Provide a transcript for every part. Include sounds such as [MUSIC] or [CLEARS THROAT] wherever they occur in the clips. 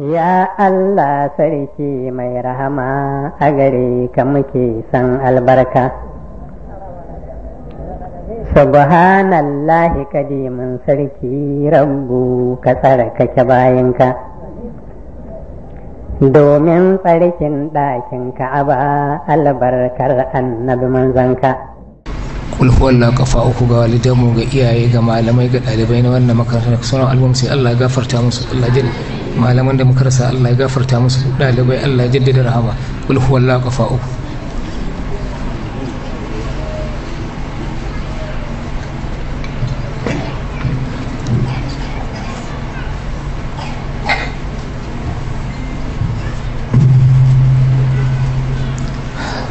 Ya Allah sarki mai rahama a gare ka muke san albarka. Subhanallahi kadimin sarki rabbu ka tsara kake bayanka. Domin tsarkin ɗakin ka'aba albarkar annabi manzanka. Kulhuwan na kafa uku ga walidanmu ga iyaye ga malamai ga ɗalibai na wannan makarantar suna album sai Allah gafarta musu Allah malaman da muka rasa Allah ya gafarta musu ɗalibai Allah ya jaddada rahama kul huwallahu kafa uku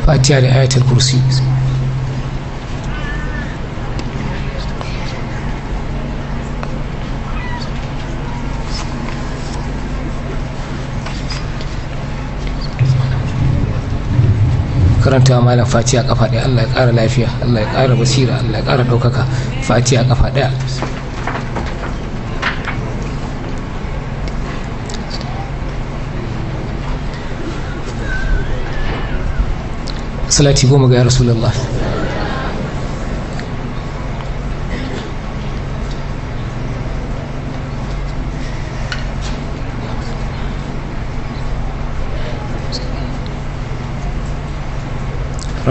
فاتيها لآية الكرسي karanta malam fatiha kafa daya Allah ya kara lafiya Allah ya kara basira Allah ya kara daukaka fatiha kafa daya salati goma ga ya rasulullah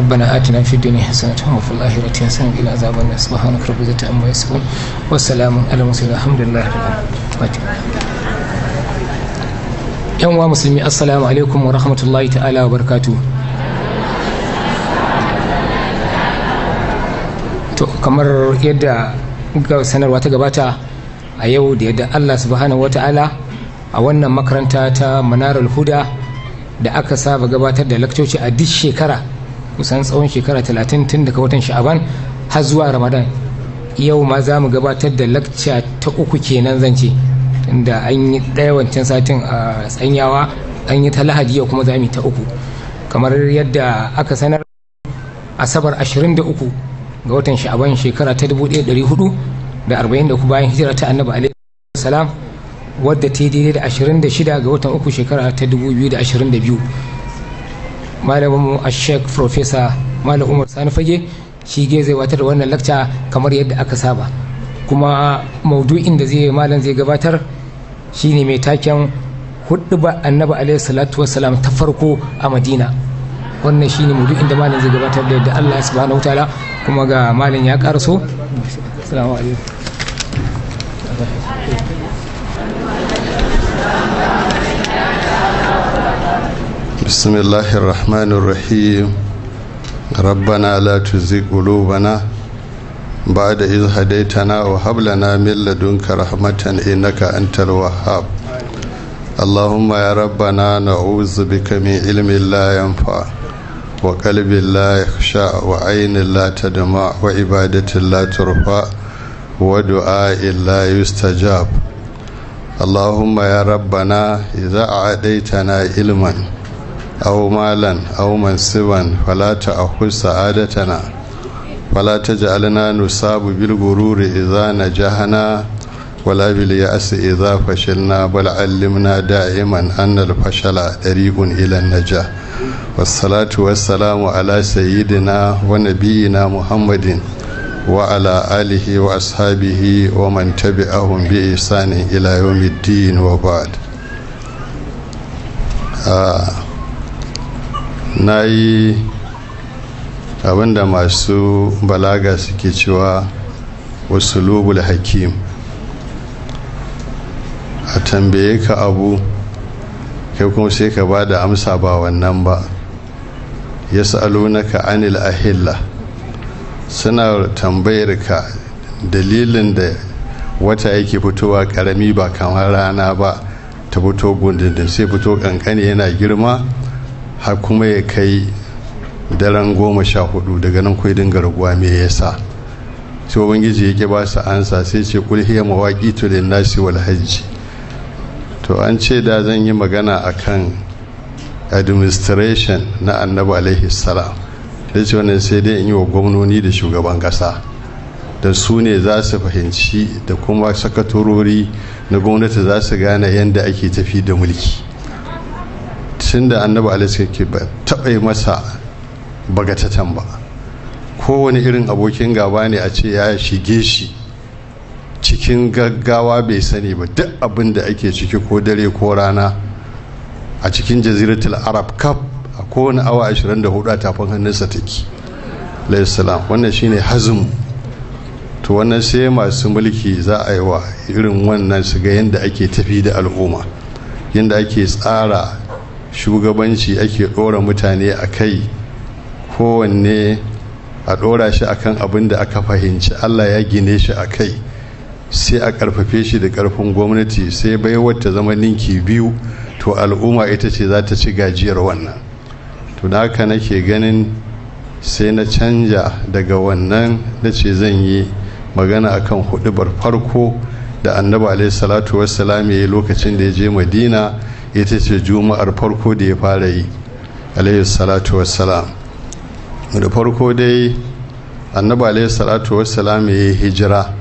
ربنا آتنا في الدنيا حسنة وفي الآخرة حسنة إلى عذاب النار سبحانك رب العزة عما يصفون والسلام على المرسلين الحمد لله رب العالمين yan wa musulmi assalamu alaikum wa rahmatullahi ta'ala wa barkatu to kamar yadda ga sanarwa ta gabata a yau da yadda allah subhanahu wata'ala a wannan makaranta ta manarar huda da aka saba gabatar da lakcoci a duk shekara kusan tsawon shekara talatin tun daga watan sha'aban har zuwa ramadan yau ma za mu gabatar da lakca ta uku kenan zan ce an yi ɗaya wancan satin a tsanyawa an yi ta lahadi yau kuma za mu yi ta uku kamar yadda aka sanar asabar 23 ga watan sha'aban shekara ta da 40 bayan hijira ta annabi alaihi salam wadda ta yi daidai da 26 ga watan uku shekara ta 2022 malamin mu ashek professor malam umar sani fage shi ge zai watar da wannan lakca kamar yadda aka saba kuma maudu'in da zai malam zai gabatar shine mai taken ba annabi alaihi salatu wassalam ta farko a madina wannan shine maudu'in da malam zai gabatar da yadda allah subhanahu wataala kuma ga malam ya karaso assalamu alaikum بسم الله الرحمن الرحيم ربنا لا تزغ قلوبنا بعد إذ هديتنا وهب لنا من لدنك رحمة إنك أنت الوهاب اللهم يا ربنا نعوذ بك من علم لا ينفع وقلب لا يخشع وعين لا تدمع وعبادة لا ترفع ودعاء لا يستجاب اللهم يا ربنا إذا أعديتنا علما أو مالا أو منصبا فلا تأخذ سعادتنا ولا تجعلنا نصاب بالغرور إذا نجحنا ولا باليأس إذا فشلنا بل علمنا دائما أن الفشل طريق إلى النجاح والصلاة والسلام على سيدنا ونبينا محمد وعلى آله وأصحابه ومن تبعهم بإحسان إلى يوم الدين وبعد آه na yi abinda masu balaga suke cewa wasu lobul hakim a tambaye ka abu kai kuma sai ka ba da amsa ba wannan ba ya ka anil ahilla suna tambayar ka dalilin da wata yake fitowa karami ba kamar rana ba ta fito gundundun sai fito kankani yana girma har kuma ya kai daren goma sha hudu daga nan kwaidin garguwa me ya yasa sai ubangiji yake ba su ansa sai ce kul hiya mawaqitu lin nasi wal hajji to an ce da zan yi magana akan administration na annabi alaihi salam da ce wannan sai dai in yi wa gwamnoni da shugaban kasa da su ne za su fahimci da kuma sakatorori na gwamnati za su gane yadda ake tafi da mulki tunda da annabi alaihi ke ba taɓa masa bagatatan ba kowane irin abokin gaba ne a ce ya shige shi cikin gaggawa bai sani ba duk abin da ake ciki ko dare ko rana a cikin jaziratul arab cup a kowane awa 24 a tafin hannunsa take laisalam wannan shine hazin to wannan sai masu mulki za a yi wa irin wannan su ga yadda ake tafi da al'umma yadda ake tsara shugabanci ake ɗora mutane a kai kowanne a ɗora shi a kan abin da aka fahimci allah ya gine shi a kai sai a ƙarfafe shi da ƙarfin gwamnati sai baiwar ta zama ninki biyu to al'umma ita ce za ta ci gajiyar wannan to da haka nake ganin sai na canja daga wannan na ce zan yi magana akan hudubar farko da annabi alaihi salatu salam ya yi lokacin da ya je madina ita ce juma'ar farko da ya fara yi alayhi salatu wassalam da farko dai annaba alayhi salatu wassalam ya yi hijira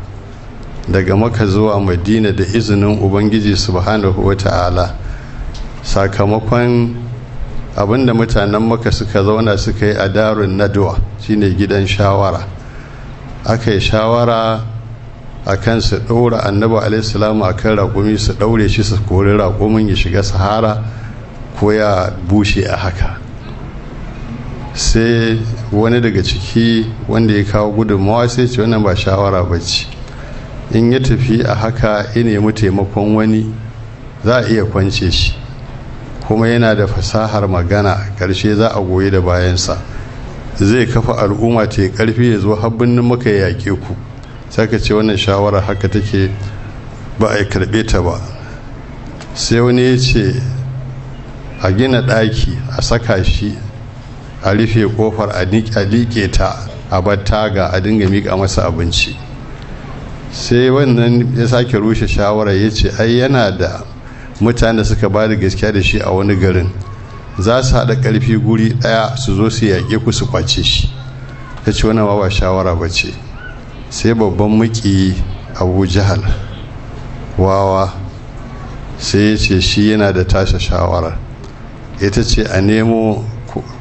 daga maka zuwa madina da izinin ubangiji subhanahu wa ta'ala sakamakon abinda mutanen maka suka zauna suka yi a darun naduwa shine gidan shawara aka yi shawara a kan su ɗaura annabi alaihissalamu a kan raƙumi su ɗaure shi su kori raƙumin ya shiga sahara ko ya bushe a haka sai wani daga ciki wanda ya kawo gudunmawa sai ce wannan ba shawara ba ce in ya tafi a haka ya nemi taimakon wani za a iya kwance shi kuma yana da fasahar magana ƙarshe za a goyi da bayansa zai kafa al'umma ta yi ƙarfi ya zo habbin maka yaƙe ku sai ka ce wannan shawara haka take ba a karbe ta ba sai wani ya ce a gina ɗaki a saka shi a rufe kofar a liƙe ta a battaga a dinga miƙa masa abinci sai wannan ya sake rushe shawara ya ce ai yana da mutane da suka ba da gaskiya da shi a wani garin za su haɗa ƙarfi guri ɗaya su zo su yaƙe ku su kwace shi ta ce wani ba shawara ba ce sai babban muki abu jahal wawa sai ya ce shi yana da tasha shawarar ita ce a nemo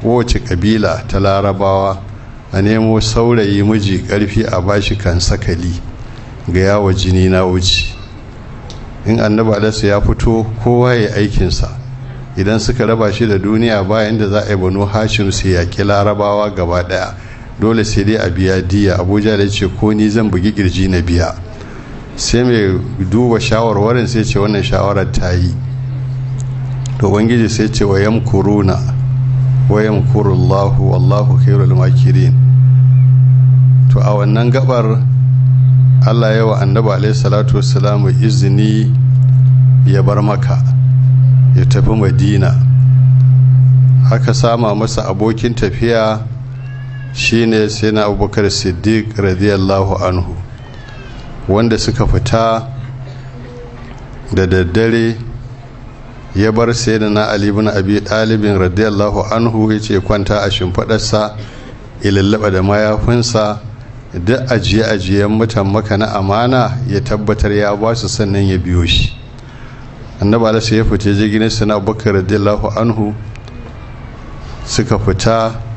kowace kabila ta larabawa a nemo saurayi miji karfi a bashi kan sakali ga yawa jini na wuce in annabi alasu ya fito kowa ya aikinsa idan suka raba shi da duniya bayan da za a yi banu hashim su yaƙi larabawa gaba ɗaya dole sai dai a biya diya abuja da ce ko ni zan bugi kirji na biya sai mai duba shawarwarin sai ce wannan shawarar ta yi to ubangiji sai ce wa kuruna wa yamkurullahu wallahu khairul makirin to a wannan gabar Allah ya wa annabi alaihi salatu wassalamu izini ya bar maka ya tafi madina aka sama masa abokin tafiya shine sai na abubakar siddiq radiyallahu anhu wanda suka fita da daddare ya bar sai da na alibin abi ɗalibin radiyallahu anhu ya ce kwanta a shimfiɗarsa ya da mayafinsa duk ajiye-ajiyen mutan maka na amana ya tabbatar ya ba su sannan ya biyo shi annabi alasa ya fita jirgin na abubakar radiyallahu anhu suka fita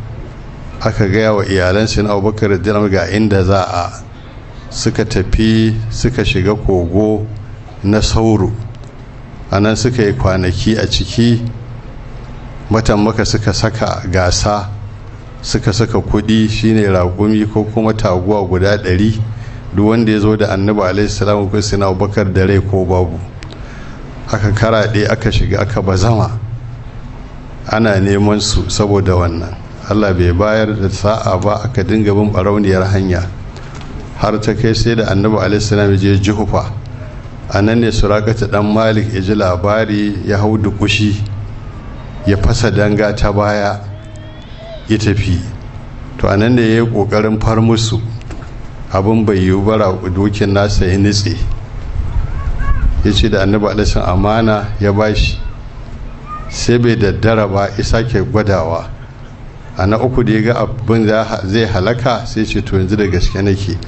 aka gaya wa iyalan na abubakar da ga inda za a suka tafi suka shiga kogo na sauro a nan suka yi kwanaki a ciki matammaka suka saka gasa suka saka kudi shine ragumi ko kuma taguwa guda ɗari duk wanda ya zo da annabi alaihi salamu ko sina bakar da rai ko babu aka karaɗe aka shiga aka bazama ana neman su saboda wannan allah bai bayar da sa'a ba aka dinga bin barauniyar hanya har ta kai sai da annabi alaihissalam je jihufa a nan ne surakata dan malik ya ji labari ya hau dukushi ya fasa danga ta baya ya tafi to a nan ne ya yi kokarin far musu abin bai yiwu bara dokin nasa ya nitse ya ce da annabi alaihissalam amana ya bashi sai bai daddara ba isa ke gwadawa a na uku da ya ga abin zai halaka sai ce to yanzu da gaske nake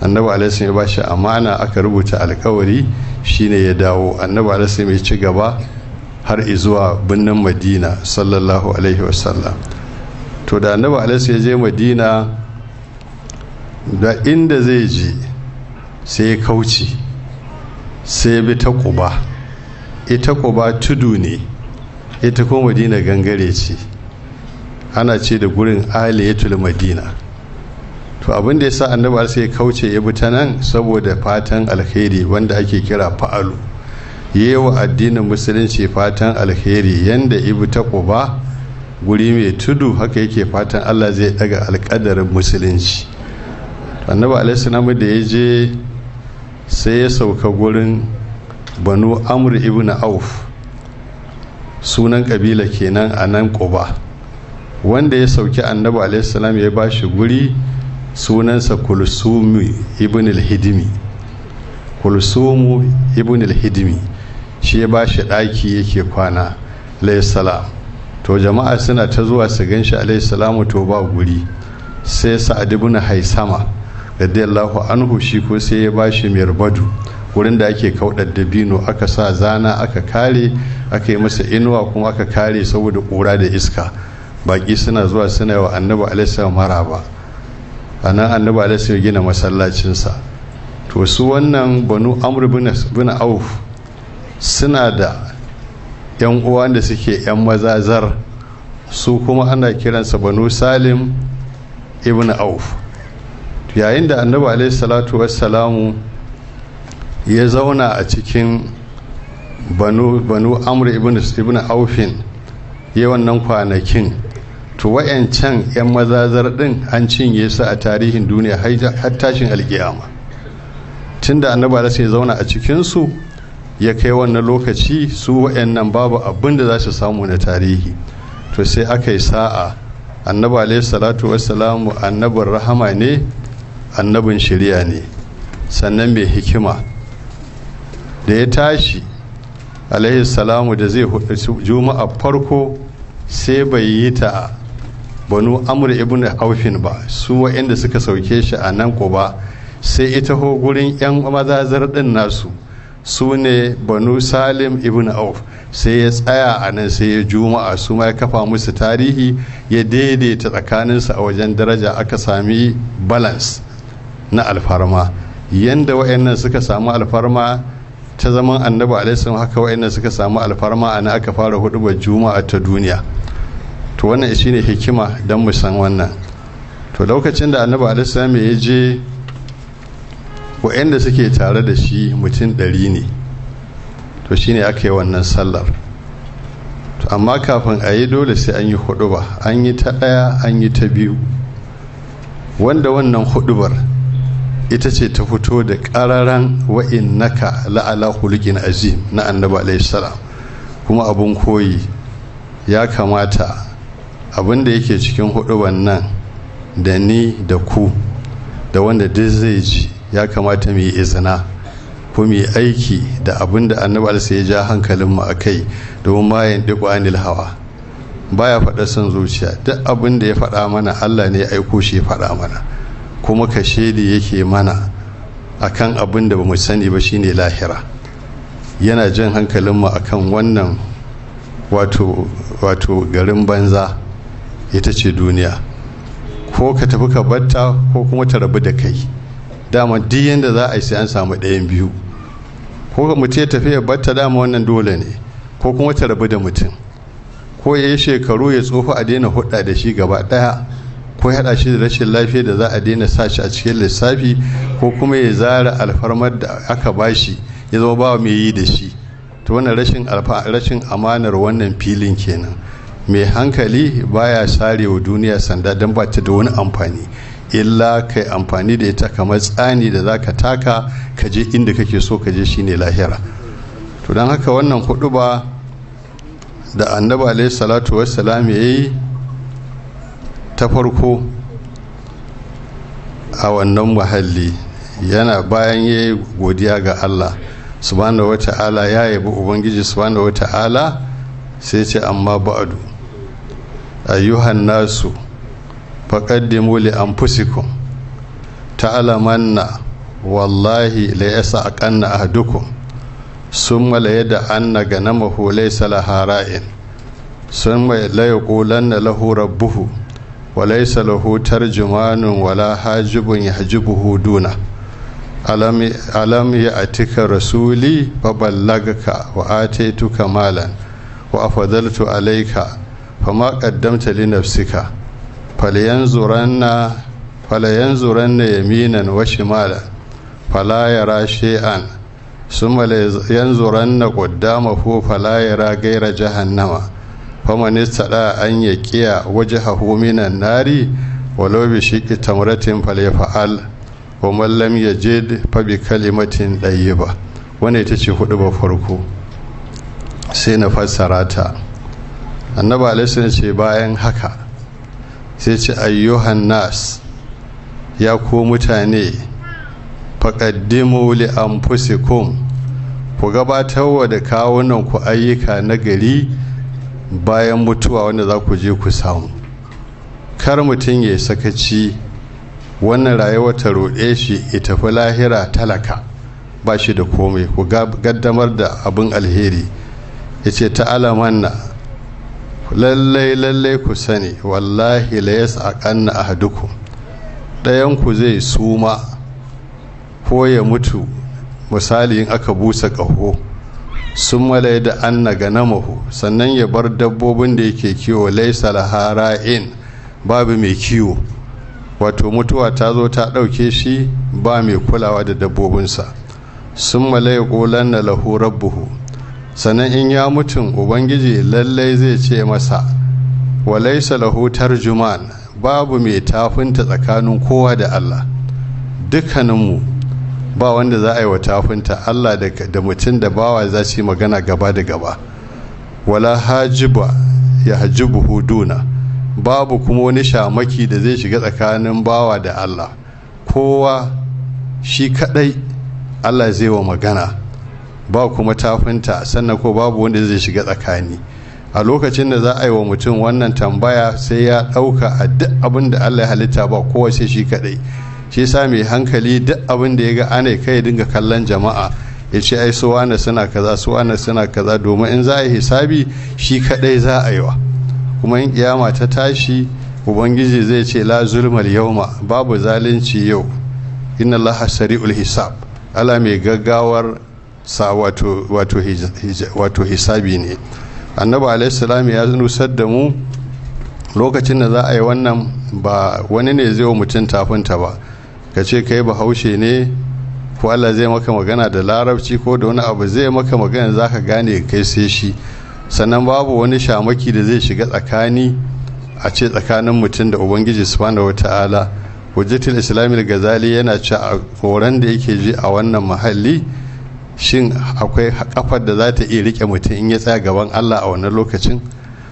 annabi alaihi ya bashi amana aka rubuta alkawari shine ya dawo annabi alaihi ya ci gaba har izuwa birnin madina sallallahu alaihi wasallam to da annabi alaihi ya je madina da inda zai je sai ya kauce sai bi ta kuba ita kuba tudu ne ita kuma madina gangare ce ana ce da gurin aliyatul madina to abin da ya sa annabi al sai kauce ya bi ta nan saboda fatan alheri wanda ake kira fa'alu yewa addinin musulunci fatan alheri yanda ibu ta kuba guri mai tudu haka yake fatan allah zai daga alkadarin musulunci annabi alaihi da ya je sai ya sauka gurin banu amru ibn auf sunan kabila kenan a nan kuba wanda ya sauki annabi alaihissalam ya ba shi guri sunansa kulsumu ibn al-hidimi kulsumu ibn al-hidimi shi ya ba shi ɗaki yake kwana alaihissalam to jama'a suna ta zuwa su gan shi alaihissalam to ba guri sai sa'ad ibn haisama radiyallahu anhu shi ko sai ya ba shi mirbadu wurin da ake kaudar dabino aka sa zana aka kare aka yi masa inuwa kuma aka kare saboda kura da iska baki suna zuwa suna wa annabi alaihi maraba a nan annabi alaihi gina masallacinsa to su wannan banu amr bin auf suna da yan uwa da suke yan mazazar su kuma ana kiransa banu salim ibn auf yayin da annabi alaihi salatu wassalamu ya zauna a cikin banu amr ibn aufin ya wannan kwanakin to wayancan 'yan mazazar din an cinye su a tarihin duniya har tashin alkiyama tun da annaba da sai zauna a cikinsu ya kai wannan lokaci su wayannan babu abin da za su samu na tarihi to sai aka yi sa'a annaba alaihi salatu wassalamu annabin rahama ne annabin shari'a ne sannan mai hikima da ya tashi alaihi salamu da zai juma'a farko sai bai yi ta banu amur ibn aufin ba su wa'inda suka sauke shi a nan ba sai ita ho gurin yan maza din nasu su ne banu salim ibn auf sai ya tsaya a nan sai ya juma'a su ma ya kafa musu tarihi ya daidaita tsakaninsu a wajen daraja aka sami balance na alfarma yanda wa'annan suka samu alfarma ta zaman annabi alaihi haka wa'annan suka samu alfarma a aka fara hudubar juma'a ta duniya to wannan shine hikima don mu san wannan to lokacin da annabi alisami ya je wa'anda suke tare da shi mutum ɗari ne to shine aka yi wannan sallar to amma kafin a yi dole sai an yi ba an yi ta ɗaya an yi ta biyu wanda wannan hudubar ita ce ta fito da ƙararan wa'in naka la'ala hulgin azim na annabi alaihi salam kuma abun koyi ya kamata abin da yake cikin hudu wannan da ni da ku da wanda duk zai ji ya kamata mu yi izina ko mu yi aiki da abin da annabi alisa ya ja hankalinmu a kai domin bayan duk anil hawa baya faɗa son zuciya duk abin da ya faɗa mana allah ne ya aiko shi ya faɗa mana kuma ka shaidi yake mana akan abin da ba sani ba shine lahira yana jan hankalinmu akan wannan wato garin banza ita ce duniya ko ka tafi ka batta ko kuma ta rabu da kai dama duk yadda za a yi sai an samu ɗayan biyu ko ka ya tafi ya batta dama wannan dole ne ko kuma ta rabu da mutum ko ya yi shekaru ya tsofa a daina hudda da shi gaba ɗaya ko ya haɗa shi da rashin lafiya da za a daina sa shi a cikin lissafi ko kuma ya zara alfarmar da aka bashi ya zama ba mai yi da shi to wannan rashin amanar wannan filin kenan mai hankali baya share wa duniya sanda don ba ta da wani amfani illa kai amfani da ita kamar tsani da za ka taka ka je inda kake so ka je shine lahira to don haka wannan kudu ba da annaba alayhi salatu wassalam ya yi ta farko a wannan muhalli yana bayan ya yi godiya ga allah subhanahu ta'ala ya yabi ubangiji subhanahu ta'ala sai ce amma ba'adu ayyuhan nasu faƙaddimu li anfusikum ta'lamanna wallahi la yasaqanna ahadukum summa la yada anna ganamahu laysa laha ra'in summa la yaqulanna lahu rabbuhu wa laysa lahu tarjumanun wala hajibun yahjibuhu duna alam alam ya'tika rasuli fa ballagaka wa ataituka malan wa afadaltu alayka fama kaddamta li nafsika falyanzuranna zuranna yaminan wa shimala fala yara shay'an summa yanzuranna fu fala yara ghayra jahannama fama nistada an yaqiya wajhahu minan nari walau bi shiqi tamratin falyafal wa man lam yajid fa bi kalimatin dayyiba wannan ita ce hudu ba farko sai na fassara ta annaba alaihi ce bayan haka sai ce ayyuhan nas ya ko mutane faƙaddimu li anfusikum ku gabatar wa da kawunan ku ayyuka na gari bayan mutuwa wanda za ku je ku samu kar mutum ya sakaci wannan rayuwar ta roɗe shi ita fi lahira talaka ba shi da komai ku gaddamar da abin alheri ya ce ta alamanna lallai lallai ku sani wallahi la kanna ahduku ɗayan ku zai suma ko ya mutu misali in aka busa ƙaho sun malai da an naga namahu sannan ya bar dabbobin da yake kiwo laisa harain babu mai kiwo wato mutuwa ta zo ta ɗauke shi ba mai kulawa da dabbobinsa sun malai ƙolan na lahu rabbuhu sannan in ya mutum ubangiji lallai zai ce masa walaisa lahu tarjuman babu mai tafinta tsakanin kowa da Allah dukkaninmu ba wanda za a yi wa tafinta Allah da mutum da bawa za su yi magana gaba da gaba wala hajiba ya hajibu huduna babu kuma wani shamaki da zai shiga tsakanin bawa da Allah kowa shi kadai Allah zai wa magana ba kuma tafinta sannan ko babu wanda zai shiga tsakani a lokacin da za a yi wa mutum wannan tambaya sai ya ɗauka a duk abin da allah ya halitta ba kowa sai shi kaɗai shi sa mai hankali duk abin da ya ga ana kai dinga kallon jama'a ya ce ai su wane suna kaza su wane suna kaza domin in za a yi hisabi shi kaɗai za a yi wa kuma in kiyama ta tashi ubangiji zai ce la zulmal yauma babu zalunci yau inna allah sari'ul hisab ala mai gaggawar sa wato hisabi ne annabi alaihissalam ya nusar da mu lokacin da za a yi wannan ba wani ne zai wa mutum tafinta ba ka ce kai bahaushe ne ko Allah zai maka magana da larabci ko da wani abu zai maka magana za ka gane kai sai shi sannan babu wani shamaki da zai shiga tsakani a ce tsakanin mutum da ubangiji subhanahu wata'ala hujjatul islamil gazali yana ci a koran da yake ji a wannan mahalli shin akwai kafar da za ta iya rike mutum in ya tsaya gaban Allah a wannan lokacin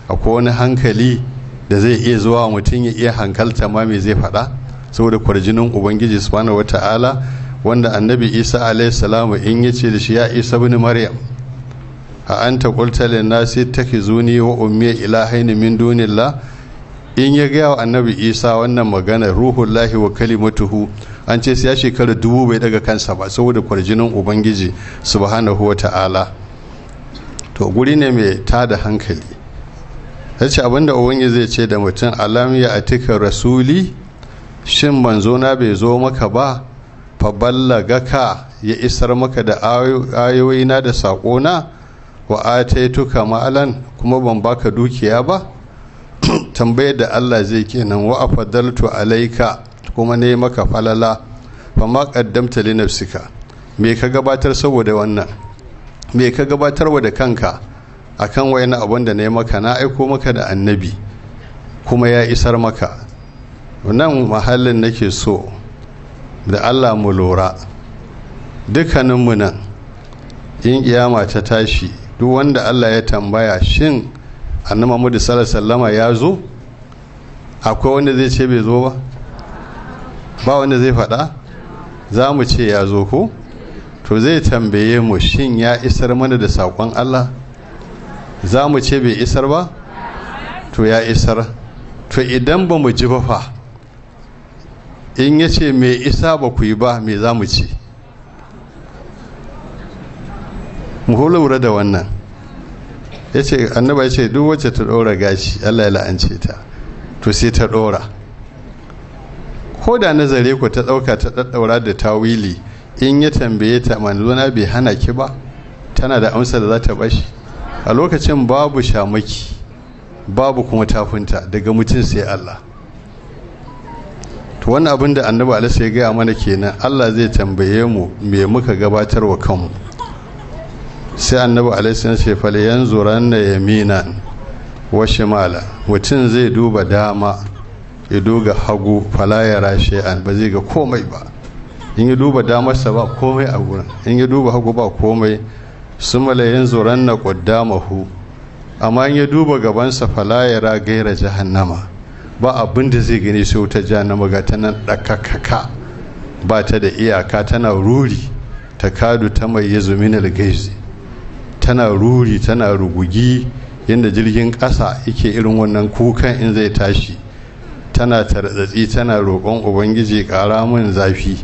akwai wani hankali da zai iya zuwa mutum ya iya hankalta ma me zai faɗa saboda kwarjinin ubangiji subhanahu wata'ala wanda annabi isa alaihi salamu in ya ce da shi ya isa bin maryam a an ta lin nasi takhizuni wa ummi ilahaini min dunillah in ya gaya wa annabi isa wannan magana ruhullahi wa kalimatuhu an ce sai ya shekara dubu bai daga kansa ba saboda kwarjinin ubangiji subhanahu wa ta'ala to guri ne mai tada hankali ya ce abinda ubangiji zai ce da mutum alam ya atika rasuli shin na bai zo maka ba fa ballaga ka ya isar maka da ayoyi na da saƙona wa ataituka ma'alan kuma ban baka dukiya ba [CLEARS THROAT] tambayar da Allah zai kenan wa afadaltu alaika kuma ne maka falala fa ma kaddamta li nafsika me ka gabatar saboda wannan me ka gabatarwa da kanka akan waina abin da ne maka na aiko maka da annabi kuma ya isar maka nan mahallin nake so da Allah mu lura dukkaninmu nan in kiyama ta tashi duk wanda Allah ya tambaya shin annabi Muhammad sallallahu ya zo akwai wanda zai ce bai zo ba ba wanda zai faɗa za mu ce ya zo ko to zai tambaye mu shin ya isar mana da saƙon Allah za mu ce bai isar ba to ya isar to idan ba mu ji ba fa in ya ce mai isa ba ku yi ba mai za mu ci mu lura da wannan ya ce annaba ya ce duk wacce ta ɗora gashi allah ya la'ance ta to sai ta ɗora ko da nazare ku ta ɗauka ta ɗaɗɗaura da tawili in ya tambaye ta manzona bai hana ki ba tana da amsa da za ta bashi a lokacin babu shamaki babu kuma tafinta daga mutum sai Allah to wannan abin da annabi alisa ya gaya mana kenan Allah zai tambaye mu me muka gabatar wa kanmu sai annabi alisa ya ce fal yanzuranna yaminan wa shimala mutum zai duba dama ya doga hagu fala ya rashe an ba zai ga komai ba in ya duba damarsa ba komai a gurin in ya duba hagu ba komai su malayin zuran na ƙwaddamahu amma in ya duba gabansa fala ya ra gaira jahannama ba abin da zai gani sai wuta jahannama ga ta nan ɗakakaka ba ta da iyaka tana ruri ta kadu ta mai ya zuminal gaizi tana ruri tana rugugi yadda jirgin ƙasa yake irin wannan kukan in zai tashi tana tartsatsi tana roƙon ubangiji ƙara mun zafi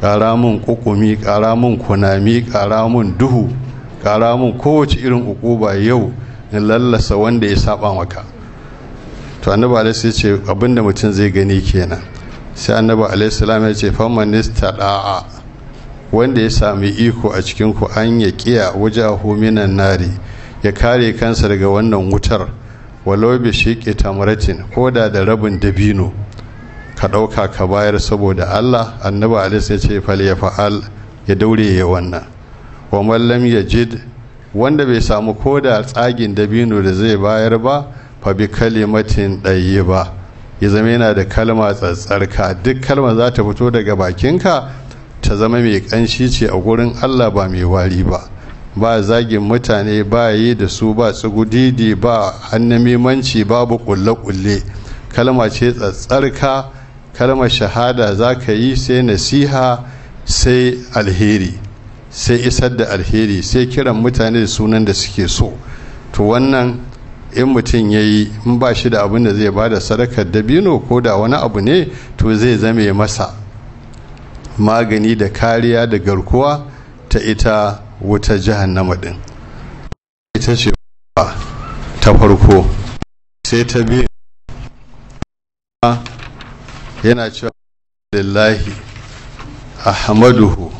ƙara mun ƙuƙumi ƙara mun kunami ƙara mun duhu ƙara mun kowace irin ba yau in lallasa wanda ya saba maka to annabi alaihi sai ce abinda mutum zai gani kenan sai annabi alaihi salam ya ce famman wanda ya sami iko a cikin ku an ya kiya wajahu minan nari ya kare kansa daga wannan wutar walau bi shiƙi tamratin ko da da rabin dabino ka ɗauka ka bayar saboda Allah annabi alis ya ce fal ya fa'al ya daure ya wannan wa mallam ya jid wanda bai samu ko da tsagin dabino da zai bayar ba fa bi kalimatin ɗaye ba ya zama yana da kalma tsatsarka duk kalma za ta fito daga bakinka ta zama mai ƙanshi ce a gurin Allah ba mai wari ba ba zagin mutane ba yi da su ba tsugudidi ba hannamimanci babu kulle-kulle kalma ce tsatsarka kalma shahada za ka yi sai nasiha sai alheri sai isar da alheri sai kiran mutane da sunan da suke so to wannan in mutum ya yi in ba shi da abin da zai ba da sadakar dabino ko da wani abu ne to zai zame masa magani da kariya da garkuwa ta ita wuta na din ita ce ta farko sai ta biyu yana cewa lillahi ahmaduhu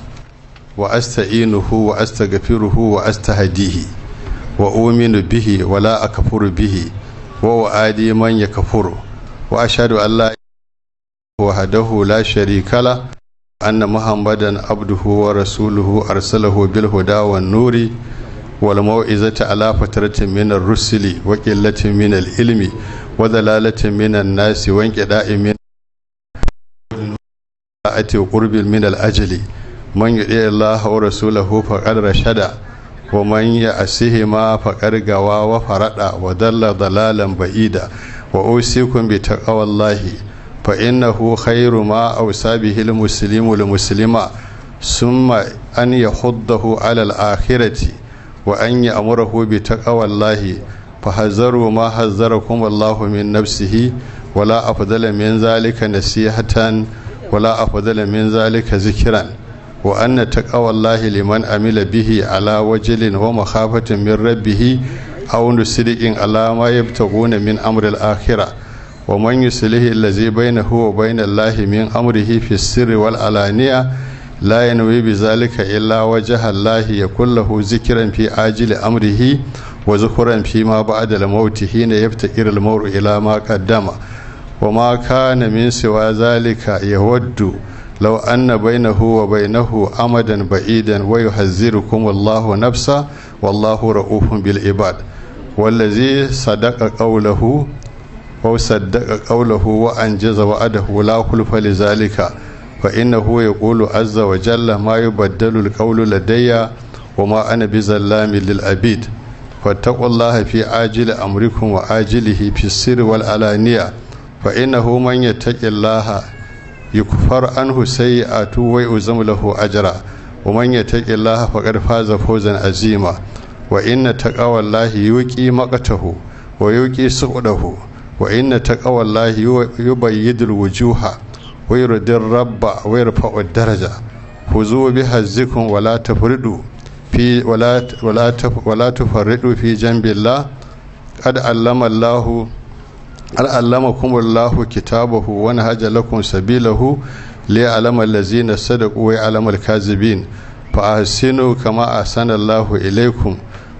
wa asta'inuhu wa astaghfiruhu wa astahdihi wa uminu bihi wa la akfuru bihi wa wa'adi man yakfuru wa ashhadu an la ilaha illallah wahdahu la sharika lahu أن محمدا عبده ورسوله أرسله بالهدى والنور والموعظة على فترة من الرسل وقلة من العلم وضلالة من الناس وانقضاء من قرب من الأجل من يطيع الله ورسوله فقد رشد ومن يعصهما فقد غوى وفرد وضل ضلالا بعيدا وأوصيكم بتقوى الله fa innahu khairu ma awsa bihi almuslimu almuslima summa an yahuddahu ala al-akhirati wa an ya'murahu bi taqwallahi fahazaru ma hazzarakum Allahu min nafsihi wala afdala min zalika nasihatan wala afdala min zalika zikran wa anna taqwallahi liman amila bihi ala wajlin wa makhafatin min rabbih aw nusidqin ala ma yabtaguna min amril akhirah ومن يسله الذي بينه وبين الله من أمره في السر والعلانية لا ينوي بذلك إلا وجه الله يكون له ذكرا في عاجل أمره وذكرا فيما بعد الموت حين يفتقر المرء إلى ما قدم وما كان من سوى ذلك يود لو أن بينه وبينه أمدا بعيدا ويحذركم الله نفسه والله رؤوف بالعباد والذي صدق قوله وصدق قوله وأنجز وأده لا خلف لذلك فإنه يقول عز وجل ما يبدل القول لدي وما أنا بزلام للعبيد فاتقوا الله في عاجل أمركم وعاجله في السر والعلانية فإنه من يتق الله يكفر عنه سيئاته ويؤزم له أجرا ومن يتق الله فقد فاز فوزا عظيما وإن تقوى الله يوقي مقته ويوقي سؤله wa inna taqawallahi yubayyidul wujuha wa yurdir rabba wa yarfa'u daraja huzu bi hazzikum wa la tafridu fi wa la tafridu fi allama Allahu qad allamakum Allahu sabilahu li alama allazina sadaqu wa kazibin fa kama ahsana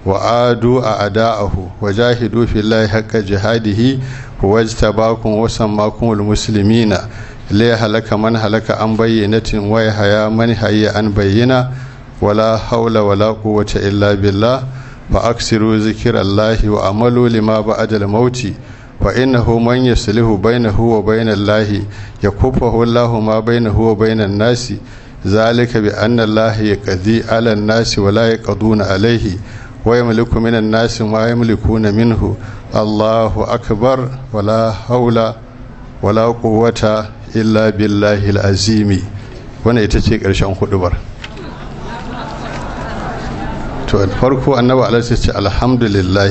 wa adu a ada'ahu wa jahidu fi lai haka jihadihi wa jita bakon wasan makon ulmusulmi na le halaka man an bayyana tun wai haya man haya an bayyana wala haula wala kowace illa billa ba a kusuru wa amalu lima ba a dalmauci wa ina hu manya sulihu baina huwa baina lahi ya kufa hu lahu ma baina huwa baina nasi zalika bi annan lahi ya kazi alan nasi wala ya kaduna alaihi wa yamliku minan nasi ma yamliku na minhu Allahu akbar wala haula wala quwwata illa billahi alazimi wannan ita ce karshen hudubar to farko annabi alaihi salatu alhamdulillah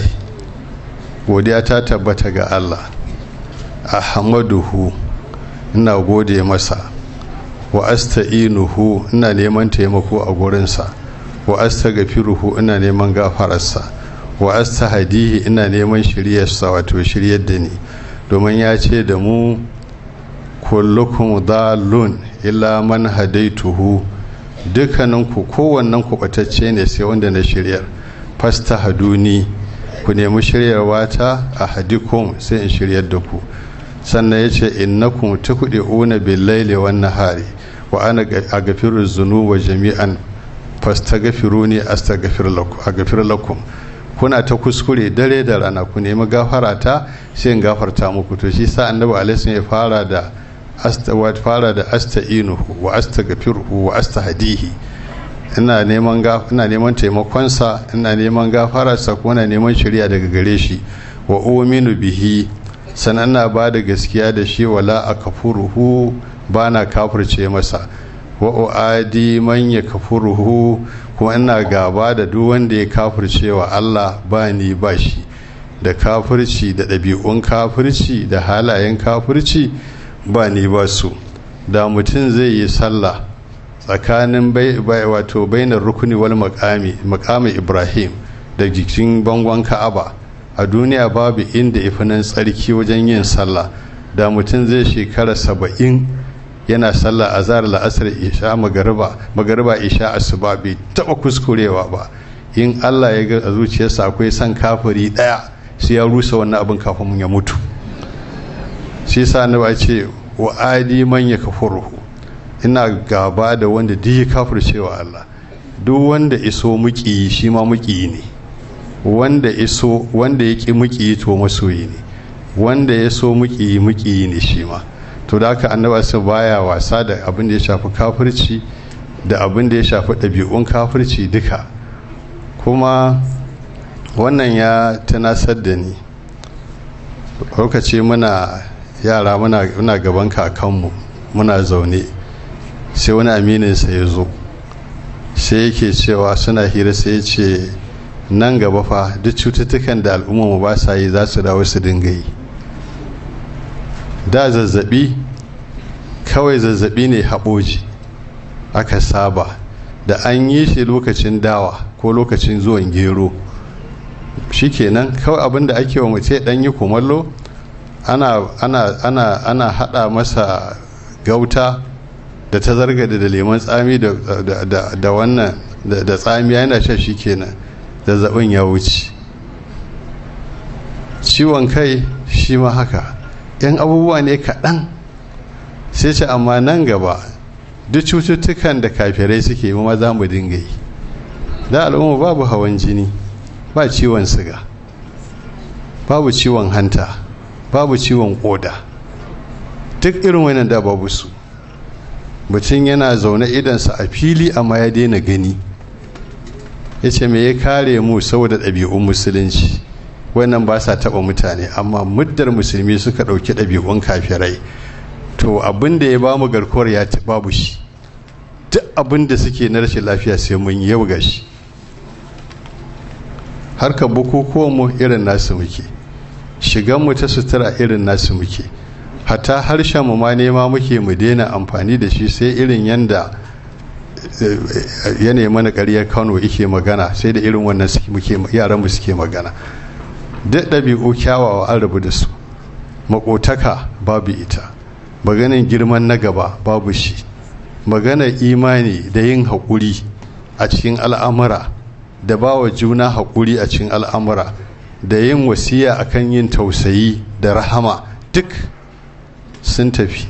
godiya ta tabbata ga Allah ahmaduhu ina gode masa wa astainuhu ina neman taimako a gurinsa. wa astaghfiruhu ina neman gafararsa wa astahdihi ina neman shiryarsa wato shiryar da ni domin ya ce da mu kullukum dalun illa man hadaituhu dukkanin ku kowannen ku batacce ne sai wanda na shiryar haduni ku nemi shiryarwa ta a hadikum sai in shiryar da ku sannan ya ce innakum una bil laili wan nahari wa ana agafiru zunuba jami'an fastaghfiruni astaghfir lakum lakum kuna ta kuskure dare da rana ku nemi gafara ta sai in gafarta muku to shi sa annabi alaihi ya fara da asta fara da astainuhu wa wa astahdihi ina neman ina neman taimakonsa ina neman sa ko ina neman shari'a daga gare shi wa uminu bihi sannan na ba da gaskiya da shi wala akafuruhu bana kafirce masa wa uadi man ya kafuruhu kuma ina gaba da duk wanda ya kafirce wa Allah ba ni ba shi da kafirci da ɗabi'un kafirci da halayen kafirci ba ni ba su da mutum zai yi sallah tsakanin wato bainar rukuni wal makami ibrahim da jikin bangon ka'aba a duniya babu inda ifinan tsarki wajen yin sallah da mutum zai shekara saba'in yana sallah a azhar la'asar isha magariba magariba isha asuba bai taba kuskurewa ba in Allah ya ga a zuciyarsa akwai san kafiri daya sai ya rusa wannan abin kafin mun ya mutu shi sa ba ce wa adi man ya kafuruhu ina gaba da wanda duk ya cewa Allah duk wanda iso muki shi ma muki ne wanda iso wanda ya ki muki to masoyi ne wanda ya so muki muki ne shi ma to da haka annabi baya wasa da abin da ya shafi kafirci da abin da ya shafi ɗabi'un kafirci duka kuma wannan ya tunasar da ni lokaci muna yara muna gaban kakanmu muna zaune sai wani amininsa ya zo sai yake cewa suna hira sai ce nan gaba fa duk cututtukan da al'ummarmu ba sa yi za su dawo su dinga yi da zazzabi kawai zazzabi ne haɓoji aka saba da an yi shi lokacin dawa ko lokacin zuwan gero shi shikenan kawai abin da ake wa mace dan yi kumallo ana ana ana hada masa gauta da ta zarga da leman tsami da da da wannan da tsami yana sha shikenan zazzabin ya wuce ciwon kai shi ma haka 'yan abubuwa ne kaɗan sai ce amma nan gaba duk cututtukan da kafirai suke ma za mu dinga yi da al'umma babu hawan jini ba ciwon siga babu ciwon hanta babu ciwon ƙoda duk irin wannan da babu su mutum yana zaune idansa a fili amma ya daina gani ya ce me ya kare mu saboda ɗabi'un musulunci wannan ba sa taɓa mutane amma muddar musulmi suka ɗauki ɗabi'un kafirai to abin da ya ba mu garkuwar ya ci babu shi duk abin da suke na rashin lafiya sai mun yau ga shi harka bukukuwanmu irin nasu muke shiganmu ta sutura irin nasu muke hatta harshen mu ma nema muke mu daina amfani da shi sai irin yanda eh, yanayi mana ƙaryar kano ike magana sai da irin wannan yaran mu suke magana duk ɗabi'u kyawawa an rabu da su makotaka babu ita maganin girman na gaba babu shi maganar imani da yin haƙuri a cikin al'amura da bawa juna haƙuri a cikin al'amura da yin wasiya akan yin tausayi da rahama duk sun tafi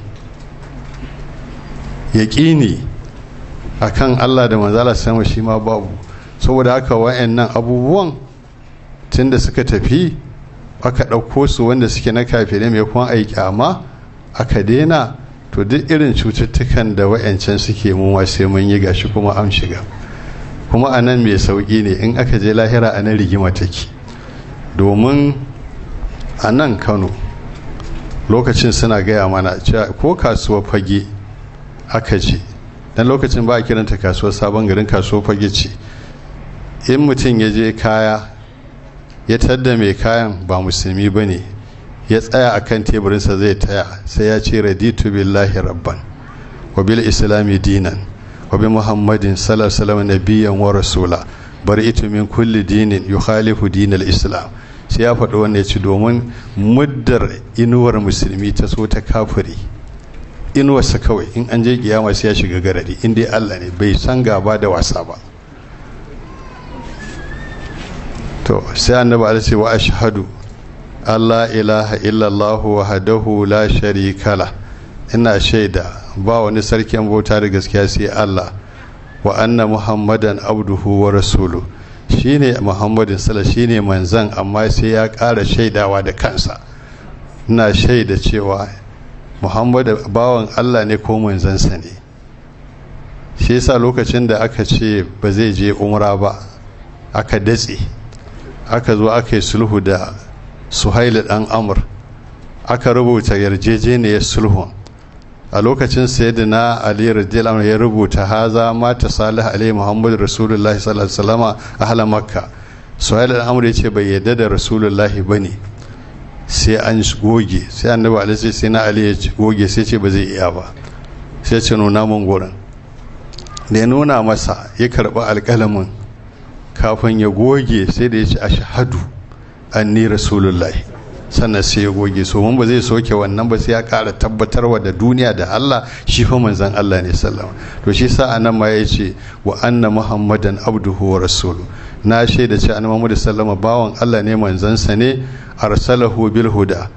yaƙini akan allah da manzala sama shi ma babu saboda haka wa'annan abubuwan tunda suka tafi aka ɗauko su wanda suke na kafirai mai kuma aiki kyama aka daina to duk irin cututtukan da wa'ancan suke muwa sai mun yi gashi kuma an shiga kuma a nan mai sauƙi ne in aka je lahira a nan rigima take domin a nan kano lokacin suna gaya mana cewa ko kasuwar fage aka je dan lokacin ba a kiranta kasuwar sabon garin kasuwar fage ce in mutum ya je kaya ya tadda mai kayan ba musulmi ba ne ya tsaya a kan teburinsa zai taya sai ya ce raditu billahi rabban wa bil islami dinan wa bi muhammadin salasalam na biyan wa rasula bari ito min kulli dinin yukhalifu dinal islam sai ya faɗi wannan ya ci domin muddar inuwar musulmi ta so ta kafuri inuwarsa kawai in an je kiyama sai ya shiga garari in dai Allah ne bai san gaba da wasa ba to sai annabi ala ce wa ashhadu Allah ilaha illallah wahdahu la sharika la ina shaida ba wani sarkin bauta da gaskiya sai Allah wa anna muhammadan abduhu wa rasulu shine muhammadin sallah shine manzan amma sai ya ƙara shaidawa da kansa ina shaida cewa muhammad bawan Allah ne ko sa ne shi yasa lokacin da aka ce ba zai je umra ba aka datse aka zo aka yi sulhu da suhaila dan amur aka rubuta yarjejeniyar sulhun a lokacin sayyidina ali radiyallahu ya rubuta haza mata salih ali muhammad rasulullah sallallahu alaihi wasallama ahla makka suhaila dan amur yace bai yadda da rasulullah bane sai an goge sai annabi ali sai sai na ali ya goge sai ce ba zai iya ba sai ce nuna mun gurin da ya nuna masa ya karɓi alƙalamin kafin ya goge sai da ya ce an anni rasulullahi sannan sai ya goge so mun ba zai soke wannan ba sai ya kara tabbatar wa da duniya da Allah shi fa manzon Allah ne sallama to shi sa anan ma ya ce wa anna muhammadan abduhu wa rasulu na shaida ce annabi Muhammad sallama bawan Allah ne manzon sa ne arsalahu bil huda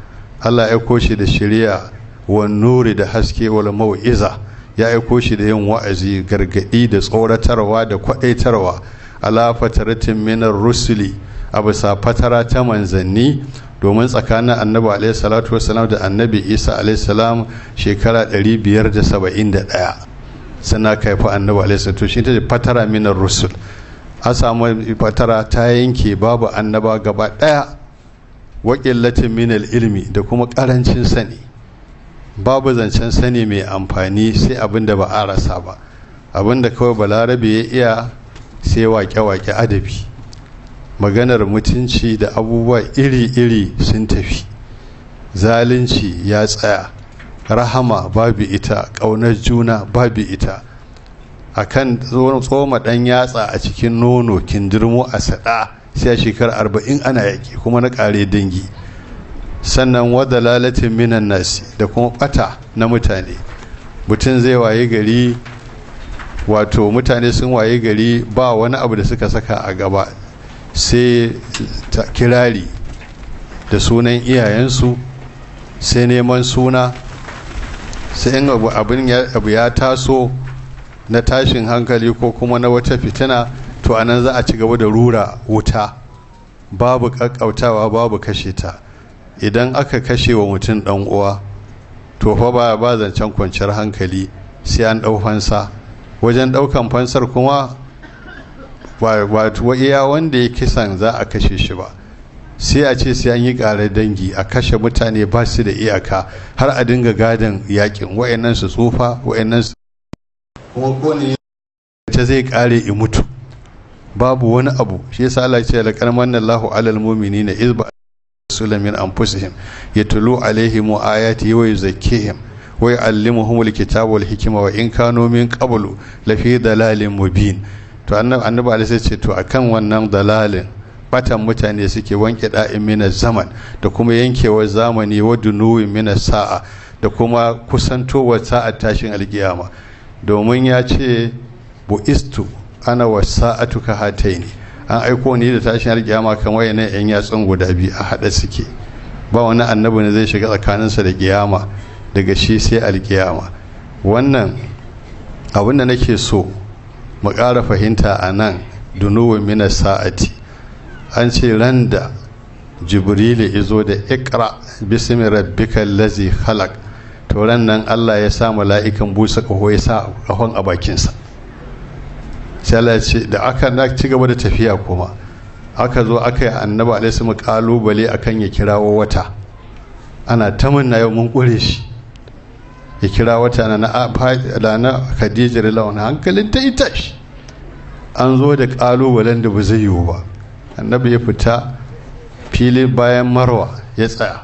Allah ya aiko da shari'a wa nuri da haske wal mau'iza ya aiko shi da yin wa'azi gargadi da tsoratarwa da kwadaitarwa ala fataratin minar rusuli a bisa fatara ta manzanni domin tsakanin annabi alaihi salatu wasalam da annabi isa alaihi salam shekara 571 sana kaifa annabi alaihi salatu shi ta fatara minar rusul a samu fatara ta yanke babu annaba gaba daya latin minal ilmi da kuma ƙarancin sani babu zancen sani mai amfani sai abin da ba a rasa ba abin da kawai balarabe ya iya sai wake wake adabi maganar mutunci da abubuwa iri-iri sun tafi zalunci ya tsaya rahama babu ita ƙaunar juna babu ita a kan tsoma ɗan yatsa a cikin nono kindirmo a saɗa sai a shekarar arba'in ana yaƙi kuma na ƙare dangi sannan wadda lalatin minan nasi da kuma ɓata na mutane mutum zai waye gari wato mutane sun waye gari ba wani abu da suka saka a gaba sai kirari da sunan iyayensu sai neman suna sai abin abu ya taso na tashin hankali ko kuma na wata fitina to anan za a ci gaba da rura wuta babu kakkautawa babu kashe ta idan aka kashe wa mutum dan uwa to fa ba ba zancen kwanciyar hankali sai an dau fansa wajen ɗaukan fansar kuma wa iya wanda ya kisan za a kashe shi ba sai a ce sai an yi ƙarar dangi a kashe mutane ba su da iyaka har a dinga gadon yakin wa'annan su tsufa wa'annan su kuma kone ta zai ƙare i mutu babu wani abu shi yasa Allah ya ce laqad manna Allahu 'alal mu'minina izba ba'a anfusihim yatlu alaihim ayati wa yuzakkihim wa yu'allimuhumul kitaba wal hikma wa in kanu min qablu lafi dalalin mubin to annabi ali sai ce to akan wannan dalalin batan mutane suke wanke da'in mina zaman da kuma yankewar zamani wa dunuwin mina sa'a da kuma kusantowar sa'a tashin alkiyama domin ya ce bu'istu ana wa sa'atu ka hataini an aiko ni da tashin alkiyama kamar wayannan yan yatsun guda biyu a hada suke ba wani annabi ne zai shiga tsakaninsa da kiyama daga shi sai alkiyama wannan abin da nake so mu ƙara fahimta a nan dunuwa mina sa'ati an ce ran da jibrilu izo da ikra bismi rabbikal lazi khalaq to ran nan Allah ya sa mala'ikan busa kaho ya sa kahon a bakinsa sai da aka na ci gaba da tafiya kuma aka zo aka yi annabi alaihi kalubale akan ya kirawo wata ana ta na yau mun kure shi ya kira wata na na khadija launa hankalin ta ita shi an zo da kalubalen da ba zai yiwu ba annabi ya fita fili bayan marwa ya tsaya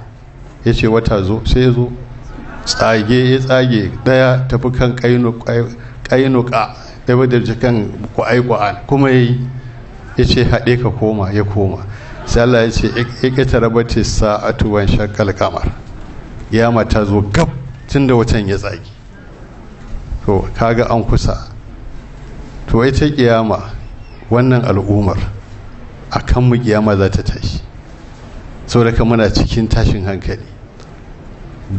ya ce wata zo sai ya zo tsage ya tsage daya tafi kan kainuka ya bada jikan kwa'ai kwa'an kuma ya yi ya ce haɗe ka koma ya koma sai Allah ya ce ya ƙetare batis sa'atu kamar ya mata zo gab tun da wacan ya tsaki to kaga an kusa to ita kiyama wannan al'ummar a kan mu kiyama za ta tashi saboda muna cikin tashin hankali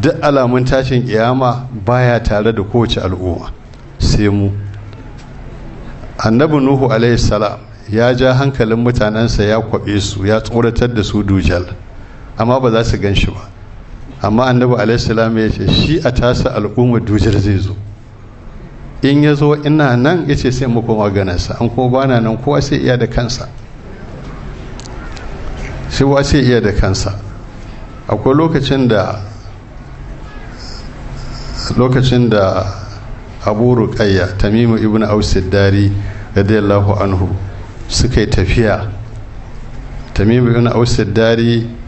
duk alamun tashin kiyama baya tare da kowace al'umma sai mu annabi nuhu alaihi salam ya ja hankalin mutanensa ya kwabe su ya tsoratar da su dujal amma ba za su gan shi ba amma annabi alaihissalam ya ce shi a tasa al'umma dujar zai zo in ya zo ina nan ya ce sai muku koma ganarsa an kuma bana nan kowa sai iya da kansa sai wa sai iya da kansa akwai lokacin da lokacin da abu ruqayya tamimu ibn aus dari radiyallahu anhu suka yi tafiya tamimu ibn aus dari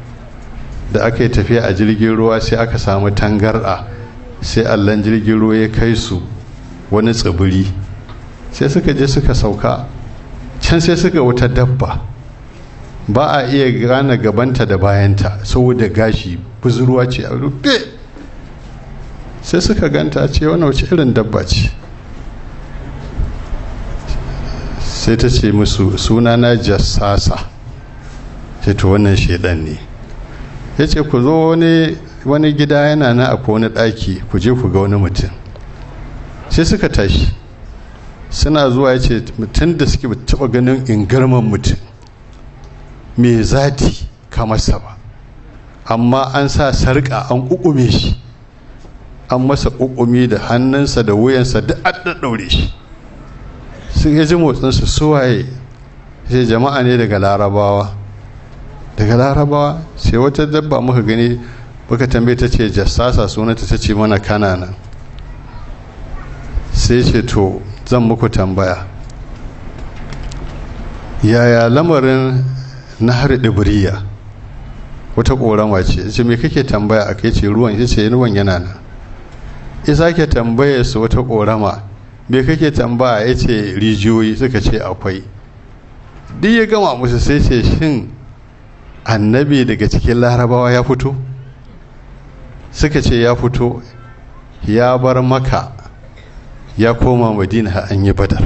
da aka yi tafiya a jirgin ruwa sai aka samu tangarɗa sai allon jirgin ruwa ya kai su wani tsibiri sai suka je suka sauka can sai suka wuta dabba ba a iya gane gabanta da bayanta saboda gashi buzurwa ce a rufe sai suka ganta ce wani wace irin dabba ce sai ta ce musu sunana jasasa ce to wannan shaidan ne ya ce ku zo wani wani gida yana na a wani ɗaki ku je ku ga wani mutum sai suka tashi suna zuwa ya ce mutum da suke taɓa ganin ingarman mutum mai zati kamarsa ba amma an sa sarƙa an ƙuƙume shi an masa ƙuƙumi da hannunsa da wuyansa duk an ɗaɗɗaure shi sun yi ji motsinsu suwaye sai jama'a ne daga larabawa daga larabawa sai wata dabba muka gani muka tambaye ta ce jassasa sunanta ta ce mana kanana sai ce to zan muku tambaya yaya lamarin na har ɗibriya wata ƙorama ce ce me kake tambaya a kai ce ruwan ya ce ruwan yana nan isa ke tambaye su wata ƙorama me kake tambaya ya ce rijiyoyi suka ce akwai duk ya gama musu sai ce shin annabi daga cikin larabawa ya fito suka ce ya fito ya bar maka ya koma madina har an yi badar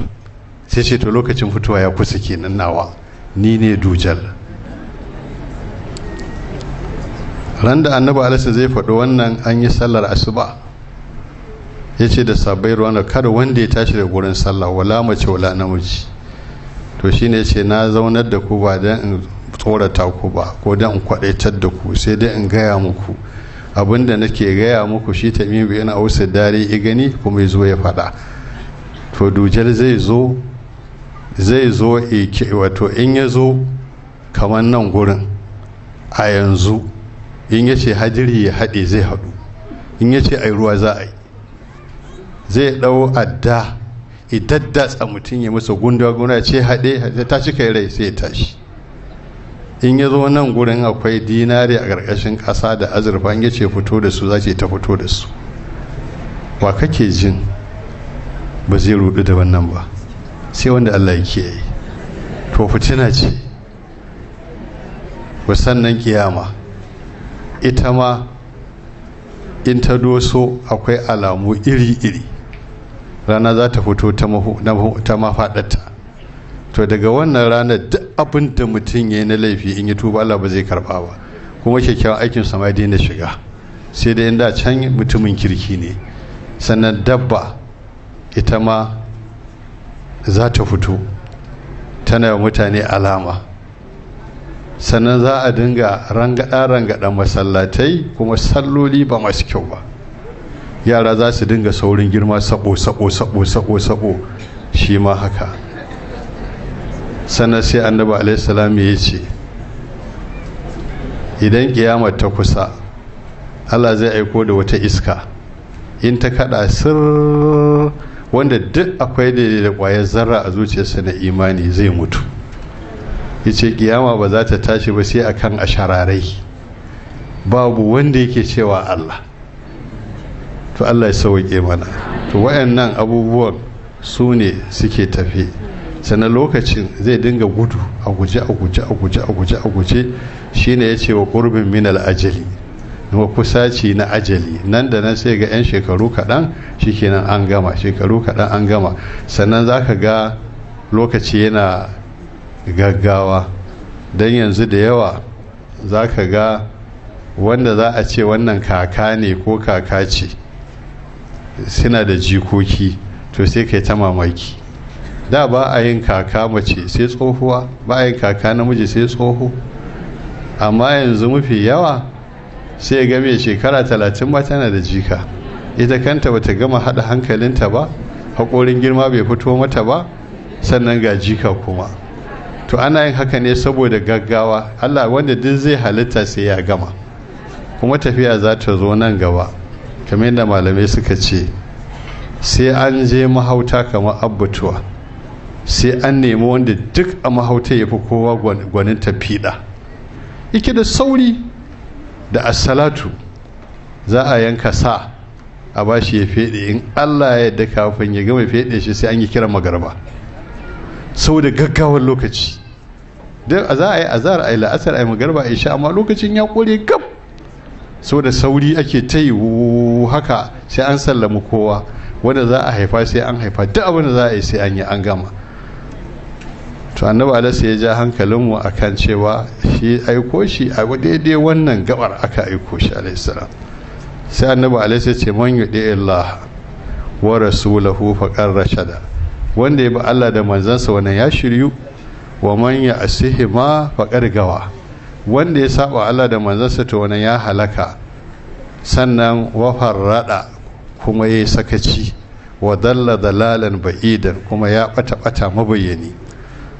sai ce to lokacin fitowa ya kusa kenan nawa ni ne dujal ran da annabi alisa zai faɗi wannan an yi sallar asuba ya ce da sabai ruwan da kada wanda ya tashi da gurin sallah wala mace wala namiji to shine ce na zaunar da ku ba don tsorata ku ba ko dan kwadaitar da ku sai dai in gaya muku abinda nake gaya muku shi tamimu yana wasu dare i gani kuma zo ya faɗa to dujar zai zo zai zo wato in ya zo kamar nan gurin a yanzu in ya ce hajiri ya haɗe zai haɗu in ya ce ai ruwa za a yi zai ɗau adda idaddatsa mutum ya masa gunda gunda ce haɗe ta cika rai sai ya tashi in ya zo nan gurin akwai dinari a ƙarƙashin ƙasa da azurfa in ya ce fito da su za ce ta fito da su wa kake jin ba zai rudu da wannan ba sai wanda allah ya kiyaye to fitina ce sannan kiyama ita ma in ta doso akwai alamu iri-iri rana za ta fito ta mafaɗata to daga wannan ranar abin da mutum ya yi na laifi in ya tuba Allah ba zai karba ba kuma kyakkyawan aikin sa ma daina shiga sai da inda can mutumin kirki ne sannan dabba ita ma za ta fito tana yi mutane alama sannan za a dinga rangada-rangada masallatai kuma salloli ba masu kyau ba yara za su dinga saurin girma sabo sabo sabo sabo sabo shi ma haka sannan sai annabi alaihissalam ya ce idan kiyamar ta kusa allah zai aiko da wata iska in ta kada sir wanda duk akwai daidai da kwayar zarra a zuciyarsa na imani zai mutu ya ce kiyama ba za ta tashi ba sai akan ashararai babu wanda yake cewa allah to allah ya sauke mana to wayannan abubuwan su ne suke tafi sannan lokacin zai dinga gudu a guje a guje a guje a guje a guje shine ya ce wa kurbin minal ajali wa ce na ajali nan da nan sai ga 'yan shekaru kaɗan shikenan an gama shekaru kaɗan an gama sannan za ka ga lokaci yana gaggawa don yanzu da yawa za ka ga wanda za a ce wannan kaka ne ko kaka ce suna da jikoki to sai kai ta mamaki da ba a yin kaka mace sai tsohuwa ba a yin kaka namiji sai tsoho amma yanzu mafi yawa sai ga shekara talatin ba tana da jika ita kanta bata gama haɗa hankalinta ba haƙorin girma bai fito mata ba sannan ga jika kuma to ana yin haka ne saboda gaggawa allah wanda duk zai halitta sai ya gama kuma tafiya za ta zo nan gaba kamar yadda malamai suka ce sai an je mahauta kamar abbatuwa sai an nemi wanda duk a mahauta ya fi kowa gwanin tafiɗa yake da sauri da asalatu za a yanka sa a ba shi ya feɗe in allah ya yadda kafin ya gama feɗe shi sai an yi kiran magarba saboda gaggawar lokaci da za a yi azar a yi la'asar a yi magarba a sha amma lokacin ya kore gab saboda sauri ake ta yi haka sai an sallami kowa wanda za a haifa sai an haifa duk abin da za a yi sai an yi an gama to annabi alasa ya ja hankalin mu akan cewa shi aiko shi a daidai wannan gabar aka aiko shi salam sai annabi alasa ce man yudi illah wa rasulahu faqar rashada wanda ya bi Allah da manzansa wannan ya shiryu wa man ya ma faqar gawa wanda ya saba Allah da manzansa to wannan ya halaka sannan wa farrada kuma yayi sakaci wa dalla dalalan ba'idan kuma ya bata bata mabayani.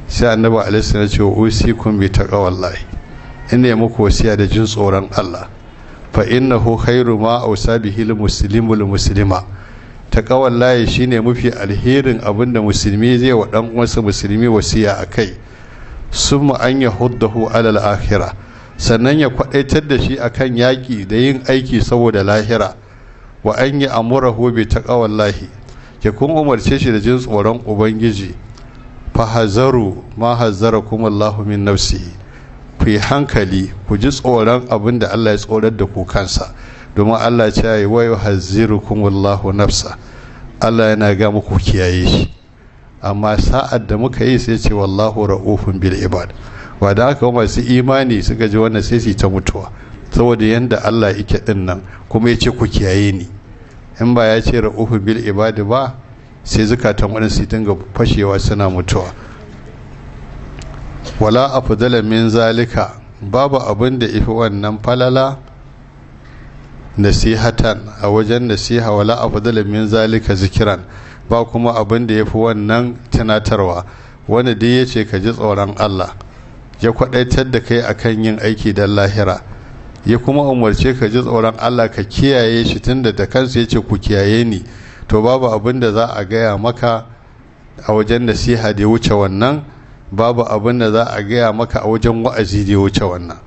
sai annabi alaihi ya ce kun bi in ne muku wasiya da jin tsoron Allah fa innahu khairu ma ausa bihi almuslimu almuslima shi shine mafi alherin abinda musulmi zai wa dan uwansa musulmi wasiya akai summa an yahuddahu ala al-akhirah sannan ya kwadaitar da shi akan yaki da yin aiki saboda lahira wa an yi amurahu bi taqwallahi ke kun umarce shi da jin tsoron ubangiji fahazaru ma hazara kuma Allahu min nafsi ku yi hankali ku ji tsoron abin da Allah ya tsorar da ku kansa domin Allah ce ya wayo haziru kuma Allahu nafsa Allah yana ga muku kiyaye shi amma sa'ad da muka yi sai ce wallahu ra'ufun bil ibad ba da haka masu imani suka ji wannan sai su ta mutuwa saboda yadda Allah yake din nan kuma ya ce ku kiyaye ni in ba ya ce ra'ufun bil ibad ba sai zukatan su dinga fashewa suna mutuwa wala fudala min zalika babu abin da ifi wannan falala nasihatan a wajen nasiha wala fudala min zalika zikiran ba kuma abin da yafi wannan tunatarwa wanda duk yace ce ka ji tsoron Allah ya kwadaitar da kai akan yin aiki don lahira ya kuma umarce ka ji tsoron Allah ka kiyaye shi tunda da kansa yace ku kiyaye ni to babu abin da za a gaya maka a wajen nasiha da ya wuce wannan babu abin da za a gaya maka a wajen wa'azi da ya wuce wannan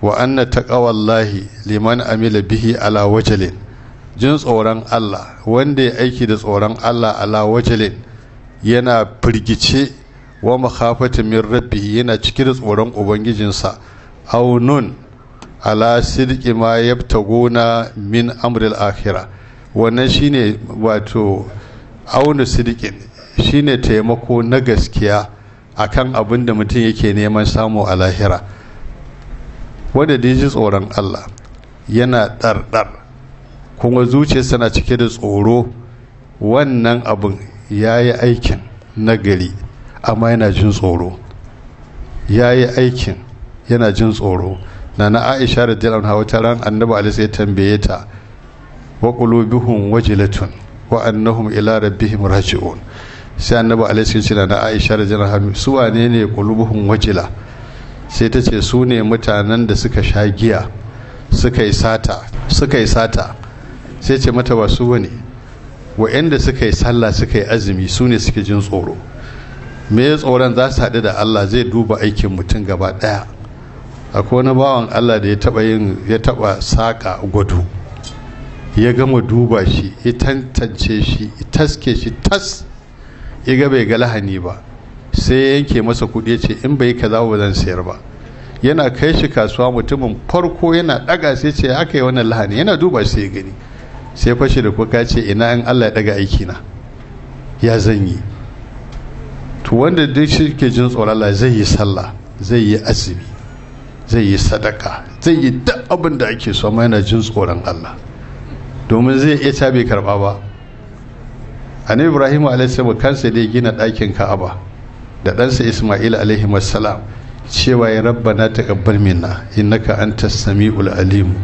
wa anna taqawallahi liman amila bihi ala wajalin. jin tsoron Allah wanda ya aiki da tsoron Allah ala wajalin yana firgice wa makhafati min rabbi yana cike da tsoron ubangijinsa aw nun ala sidqi ma yabtaguna min amril akhirah wannan shine wato auna sidikin shine taimako na gaskiya akan abin da mutum yake neman samu a lahira wanda da ji tsoron Allah yana ɗarɗar kuma zuciyarsa na cike da tsoro wannan abin ya yi aikin nagari amma yana jin tsoro ya yi aikin yana jin tsoro na na aisha da dilan hawa ta ran annabi ya tambaye ta wa qulubuhum wajilatun wa annahum ila rabbihim raji'un sai annabi alaihi sallam na Aisha radhiyallahu anha su wane ne kulubuhun wajila sai ta ce su ne mutanen da suka sha giya suka yi sata suka yi sata sai ce mata ba su bane wa'anda suka yi sallah suka yi azumi su ne suke jin tsoro me tsoron za su haɗu da Allah zai duba aikin mutum gaba ɗaya akwai wani bawan Allah da ya taɓa yin ya taɓa saƙa gudu. ya gama duba shi ya tantance shi ya taske shi tas ya ga bai ga lahani ba sai ya yanke masa kuɗi ya ce in bai kaza ba zan sayar ba yana kai shi kasuwa mutumin farko yana ɗaga sai ce aka yi wannan lahani yana duba sai ya gani sai fashe da kuka ce ina in Allah ya ɗaga aiki na ya zan yi to wanda duk shi ke jin tsoron zai yi sallah zai yi azumi zai yi sadaka zai yi duk abin da ake so amma yana jin tsoron Allah domin zai iya ta bai karɓa ba annabi ibrahim alaihissalam kansa dai ya gina ɗakin ka'aba da ɗansa isma'il alaihi cewa ya rabba na taqabbal minna innaka antas samiul alim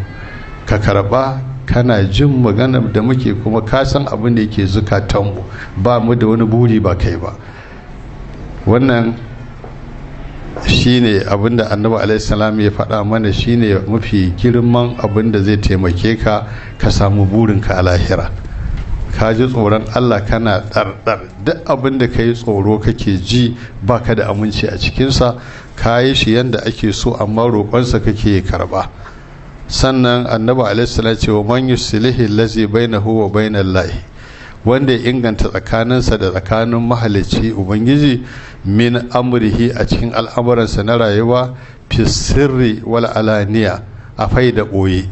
ka karɓa kana jin magana da muke kuma ka san abin da yake zukatanmu ba mu da wani buri ba kai ba wannan shine abinda annabi alaihi ya faɗa mana shine mafi girman abinda zai taimake ka ka samu burinka a lahira ka ji tsoron allah kana ɗarɗar duk abinda ka yi tsoro kake ji baka da aminci a cikinsa ka yi shi yadda ake so amma roƙonsa kake karɓa sannan annabi alaihi ce wa man na huwa bainahu wa bainallahi wanda ya inganta tsakaninsa da tsakanin mahalicci ubangiji min amurihi a cikin al'amuransa na rayuwa fi sirri wal alaniya a faida da ɓoye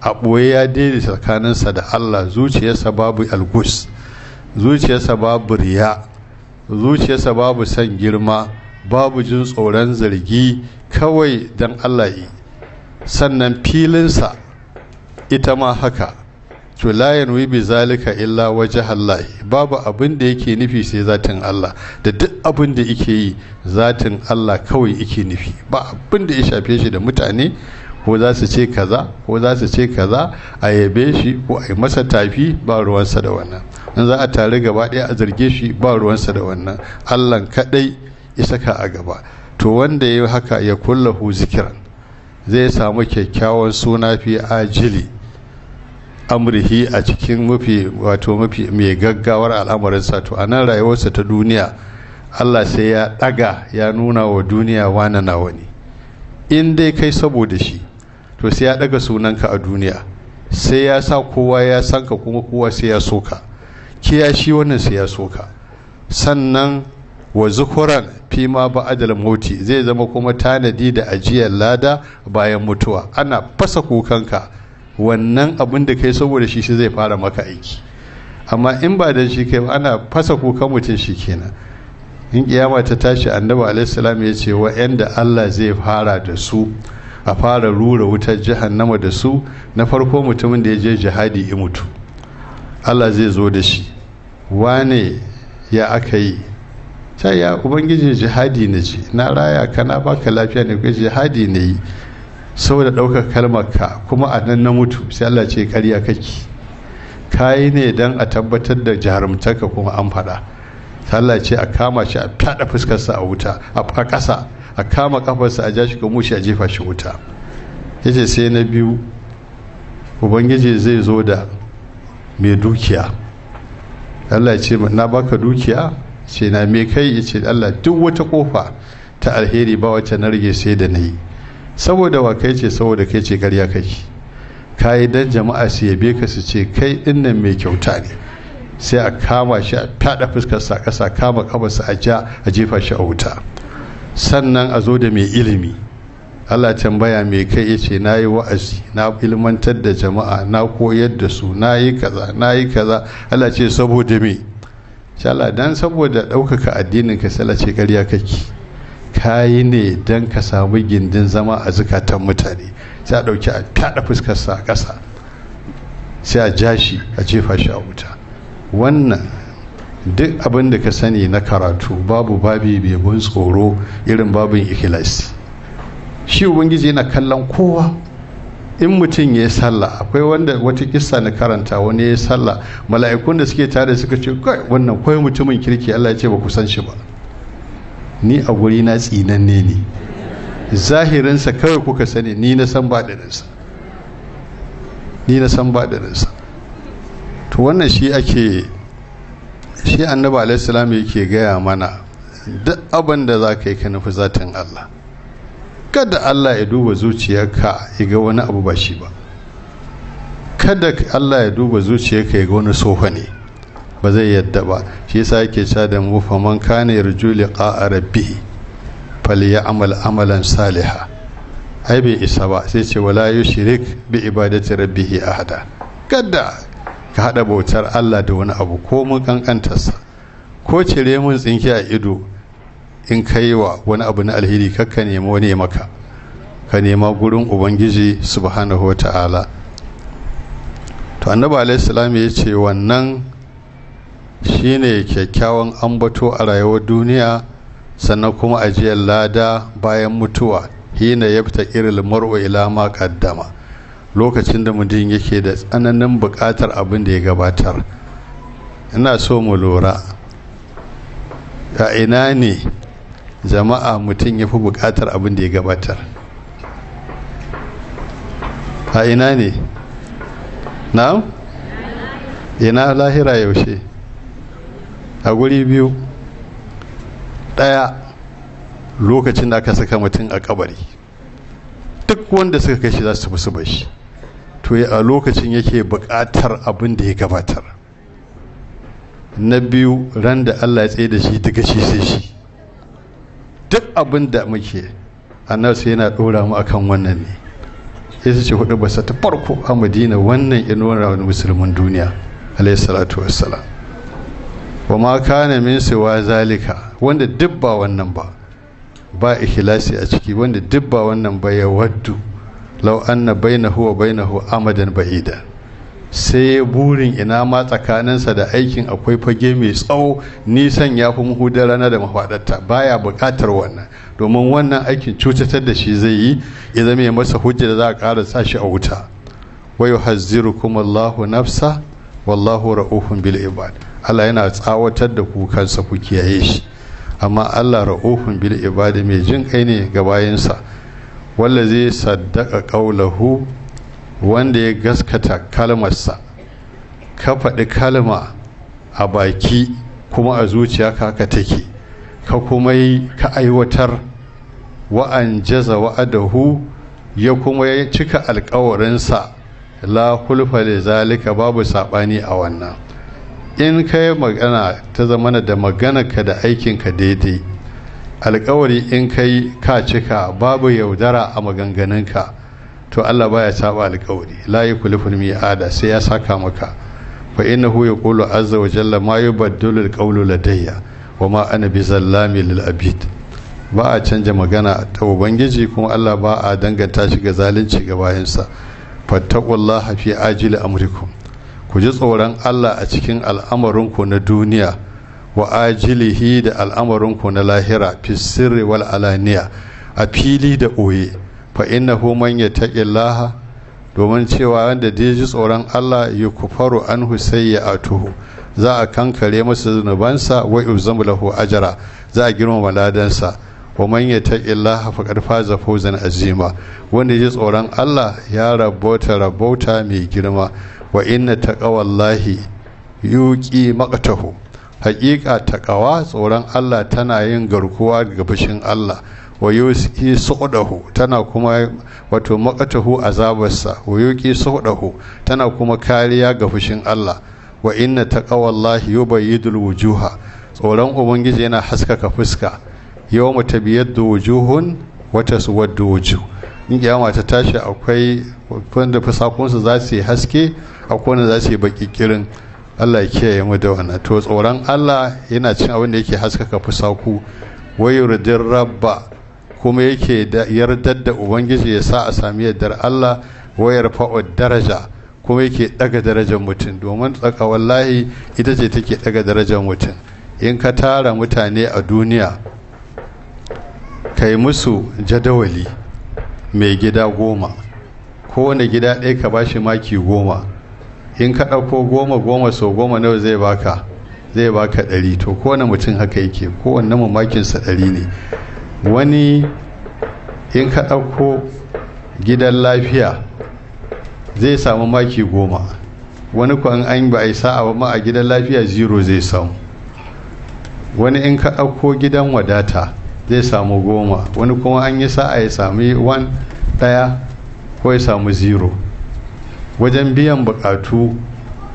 a ɓoye ya daidai tsakaninsa da allah zuciyarsa babu algus zuciyarsa babu riya zuciyarsa babu san girma babu jin tsoron zargi kawai don allah yi sannan filinsa ita ma haka to layan wibi zalika illa waje Allah babu abin da yake nufi sai zatin Allah da duk abin da yake yi zatin Allah kawai yake nufi ba abin da ya shafe shi da mutane ko za su ce kaza ko za su ce kaza a yabe shi ko a yi masa tafi ba ruwansa da wannan in za a tare gaba ɗaya a zarge shi ba ruwansa da wannan Allah kaɗai ya saka a gaba to wanda ya haka ya kullahu zikiran zai samu kyakkyawan suna fi ajili amrihi a cikin mafi wato mafi mai gaggawar al'amarinsa to a nan rayuwarsa ta duniya allah sai ya ɗaga ya nuna wa duniya wane na ne in dai kai saboda shi to sai ya ɗaga sunanka a duniya sai ya sa kowa ya san ka kuma kowa sai ya soka kiya shi wannan sai ya soka sannan wa zukuran fi ma ba ajal moti zai zama kuma tanadi da ajiyar lada bayan mutuwa ana fasa kukanka wannan abin da kai saboda shi shi zai fara maka aiki amma in ba da shi kai ana fasa kuka mutum shi kenan in kiyama ta tashi annabi alaihissalam ya ce wa'yanda allah zai fara da su a fara rura wutar jahannama da su na farko mutumin da ya je jihadi ya mutu allah zai zo da shi wane ya aka yi ta ya ubangiji jihadi na ji na raya kana baka lafiya ne jihadi na yi saboda ɗaukar ka kuma a nan na mutu sai Allah ce ƙarya kake kayi ne don a tabbatar da jarumtarka kuma an faɗa Allah ce a kama shi a fada fuskarsa a wuta a ƙasa a kama ƙafarsa a jashi ga mushi a jefa shi wuta yace sai na biyu ubangiji zai zo da mai dukiya Allah ce na baka dukiya ce na me kai ya ce Allah duk wata kofa ta alheri ba wacce na rage sai da na yi saboda wa kai ce saboda kai ce karya kai ka yi dan jama'a su yabe ka su ce kai din nan mai kyauta ne sai a kama shi a fada fuskar sa kasa kama su a ja a jefa shi a wuta sannan a zo da mai ilimi Allah tambaya mai kai ya ce na yi wa'azi na ilmantar da jama'a na koyar da su na yi kaza na yi kaza Allah ce saboda me Allah dan saboda ɗaukaka addinin ka sai Allah ce ƙarya kake kayi ne don ka samu gindin zama a zukatan mutane sai a ɗauki a kaɗa fuskarsa a ƙasa sai a ja shi a jefa shi a wuta wannan duk abin da ka sani na karatu babu babi begun tsoro irin babin ikilasi shi ubangiji yana kallon kowa in mutum ya yi sallah akwai wanda wata kissa na karanta wani ya yi sallah mala'ikun da suke tare suka ce kai wannan kawai mutumin kirki allah ya ce ba ku san shi ba ni a guri na tsinanne ne zahirinsa kawai kuka sani ni na san baɗininsa ni na san baɗininsa to wannan shi ake shi annaba alaihissalam yake gaya mana duk abin da za ka yi ka nufi zatin allah kada allah ya duba zuciyarka ya ga wani abu ba shi ba kada allah ya duba zuciyarka ya ga wani sofa ne ba zai yadda ba shi yasa yake cewa da mu fa man kana yarju liqa rabbih falyamal amalan saliha ai bai isa ba sai ce wala yushrik bi ibadati rabbih ahada kada ka hada bautar Allah da wani abu ko mun kankantarsa ko cire mun tsinki a ido in kai wa wani abu na alheri kakka nemo ne maka ka nema gurin ubangiji subhanahu wa ta'ala to annabi alaihi salam ya ce wannan shine kyakkyawan ambato a rayuwar duniya sannan kuma ajiyar lada bayan mutuwa hina yabta irin mar'u ila ma kaddama lokacin da mutum yake da tsananin buƙatar abin da ya gabatar ina so mu lura a ina ne jama'a mutum ya fi buƙatar abin da ya gabatar a ina ne na ina lahira yaushe a guri biyu ɗaya lokacin da aka saka mutum a kabari duk wanda suka kashi za su musu bashi to a lokacin yake buƙatar abin da ya gabatar na biyu ran da allah ya tsaye da shi duka shi sai shi duk abin da muke annarsu yana ɗora mu akan wannan ne ya su ce hudu basa ta farko a madina wannan inuwar musulmin duniya alaihi salatu wassalam wa ma kana min siwa zalika wanda duk wannan ba ba ikhlasi a ciki wanda duk wannan ba ya waddu law anna bainahu wa bainahu amadan ba'ida sai burin ina ma tsakaninsa da aikin akwai fage mai tsawo nisan ya fi muhudar rana da mafaɗarta baya buƙatar wannan domin wannan aikin cutatar da shi zai yi ya zama ya masa hujja da za a ƙara sa shi a wuta wa kuma Allahu nafsa wallahu ra'uhun bil ibad Allah yana tsawatar da ku kansa ku kiyaye shi amma Allah ra'ufun bil ibadi mai jin kai ne ga bayinsa wanda zai saddaka kaulahu wanda ya gaskata kalmarsa ka faɗi kalma a baki kuma a zuciya ka take ka kuma ka aiwatar wa'an jaza wa'adahu ya kuma ya cika alkawarinsa la hulfa zalika babu saɓani a wannan in ka yi magana ta zamana da maganarka da aikinka daidai alkawari in ka yi ka cika babu yaudara a maganganunka to Allah baya saba alkawari la yukliful mi'ada sai ya saka maka fa innahu yaqulu azza wa jalla ma yubaddalu alqawlu ladayya wa ma ana bizallami lil abid ba a canja magana ta ubangiji kuma Allah ba a danganta shi ga zalunci ga bayansa fattaqullaha fi ajli amrikum ku ji tsoron Allah a cikin al'amarinku na duniya wa ajilihi da al'amarinku na lahira fi sirri wal alaniya a fili da ɓoye fa innahu man yattaqillaha domin cewa wanda da ji tsoron Allah ya kufaru an ya atuhu za a kankare masa zunubansa wa yuzamu lahu ajra za a girmama ladansa wa man yattaqillaha faqad faza fawzan azima wanda ya ji tsoron Allah ya rabota rabota mai girma wa inna taqawallahi yuqi maqtahu haqiqa taqawa tsoron Allah tana yin garkuwa ga fushin Allah wa yuqi suqdahu tana kuma wato maqtahu azabarsa wa yuqi suqdahu tana kuma kariya ga fushin Allah wa inna taqawallahi yubayyidul wujuha tsoron ubangiji yana haskaka fuska yawma tabyaddu wujuhun wa taswaddu wujuh in kiyama ta tashi akwai wanda fasakunsu za su yi haske akwai wanda za su yi baki Allah ya kiyaye mu da wannan to tsoron Allah yana cin abin da yake haskaka fusaku wayurdin rabba kuma yake yardar da ubangiji ya sa a sami yardar Allah wayar fa'o daraja kuma yake daga darajar mutum domin tsaka wallahi ita ce take daga darajar mutum in ka tara mutane a duniya kai musu jadawali mai gida goma kowane gida ɗaya ka ba shi maki goma in ka ɗauko goma goma sau goma nawa zai baka zai baka ɗari to kowane mutum haka yake kowanne mu makinsa ɗari ne wani in ka ɗauko gidan lafiya zai samu maki goma wani kuwa an ba a yi sa'a ma a gidan lafiya zero zai samu wani in ka ɗauko gidan wadata zai samu goma wani kuma an yi sa'a ya sami wan ɗaya ko ya samu zero wajen biyan bukatu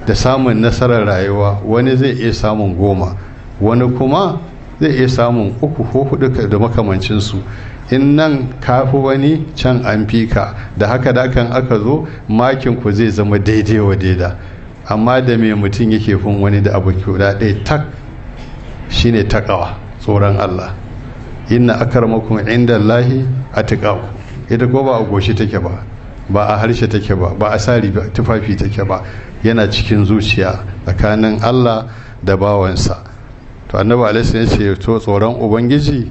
da samun nasarar rayuwa wani zai iya samun goma wani kuma zai iya samun uku ko hudu da makamancinsu in nan kafi wani can an fi ka da haka dakan aka zo makin ku zai zama daidai wa daida amma da mai mutum yake fin wani da abu kyauda ɗaya tak shine takawa tsoron allah inna akramakum indallahi atqakum ita ko ba a goshi take ba ba a harshe take ba ba a sari tufafi take ba yana cikin zuciya tsakanin Allah da bawansa to annabi alaihi ya ce to tsoron ubangiji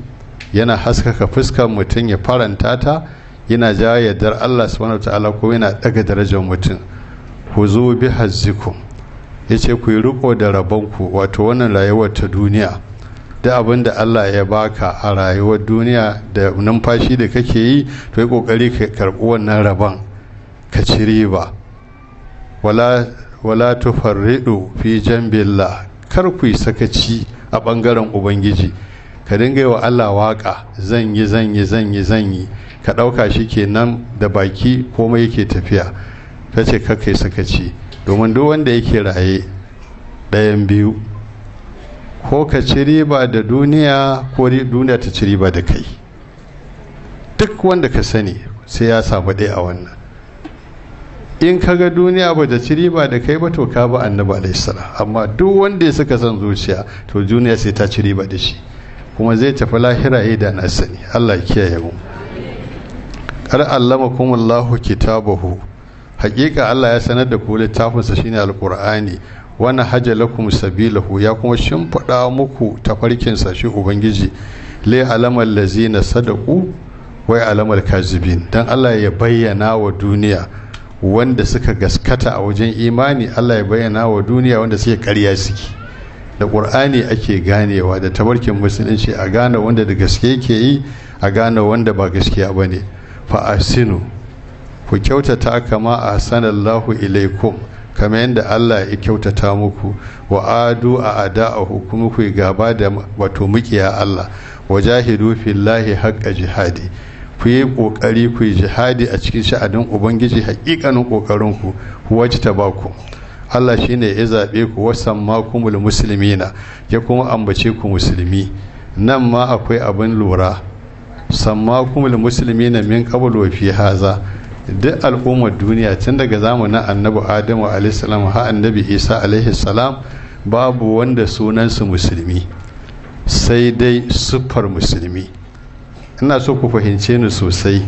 yana haskaka fuskar mutum ya faranta ta yana ja yardar Allah subhanahu wataala ko yana daga darajar mutum ku zo bi hazzikum ya ku yi riko da rabonku wato wannan rayuwar ta duniya da abin da Allah ya baka a rayuwar duniya da numfashi da kake yi to yi kokari ka karɓi wannan rabon ka ci riba wala wala tufarridu fi jambillah kar ku yi sakaci a ɓangaren ubangiji ka dinga wa Allah waka zan yi zan yi zan yi ka ɗauka shi kenan da baki komai yake tafiya ka ce kakai sakaci domin duk wanda yake raye ɗayan biyu ko ka ci riba da duniya ko duniya ta ci riba da kai duk wanda ka sani sai ya samu ɗaya a wannan in ka ga duniya ba da ci riba da kai ba to ka ba annabi alaihissalam amma duk wanda ya saka san zuciya to duniya sai ta ci riba da shi kuma zai tafi lahira ya eh, da na sani allah ya kiyaye mu kar allama kuma allahu kitabahu hakika allah ya sanar da ku littafinsa shine alqur'ani wani hajja lakum sabilahu ya kuma shimfiɗa muku tafarkin sashi ubangiji le alamar lazina sadaku wai alamar kazibin don allah ya bayyana wa duniya wanda suka gaskata a wajen imani allah ya bayyana wa duniya wanda suke karya suke da ƙur'ani ake ganewa da tabarkin musulunci a gane wanda da gaske ke yi a gane wanda ba gaskiya ba ne fa'asinu ku kyautata kama a sanallahu ilaikum kamar yadda Allah ya kyautata muku wa adu a ada hukumu ku gaba da wato mukiya Allah wajahidu fillahi haqqa jihadi ku yi kokari ku yi jihadi a cikin sha'anin ubangiji haƙiƙanin kokarin ku wacce ta ku. Allah shine ya zabe ku wasan makumul muslimina ya kuma ambace ku musulmi nan ma akwai abin lura sammakumul muslimina min qablu fi haza duk al'ummar duniya tun daga zamanin annabi adamu alaihissalam ha annabi isa alaihissalam babu wanda sunansu musulmi sai dai siffar musulmi ina so ku fahimce ni sosai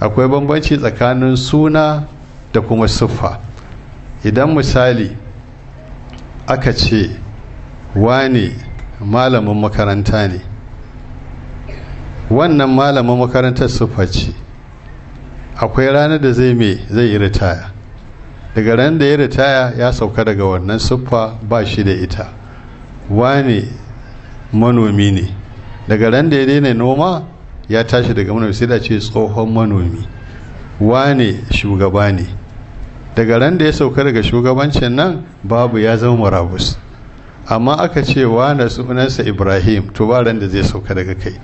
akwai bambanci tsakanin suna da kuma siffa idan misali aka ce wane malamin makaranta ne wannan malamin makarantar siffa ce akwai ranar da zai me zai yi ritaya daga ran da ya ritaya ya sauka daga wannan siffa ba shi da ita wani manomi ne daga ran da ya daina noma ya tashi daga manomi sai da ce tsohon manomi wani shugaba ne daga ran da ya sauka daga shugabancin nan babu ya zama marabus amma aka ce wani sunansa ibrahim to ba ran da zai sauka daga kai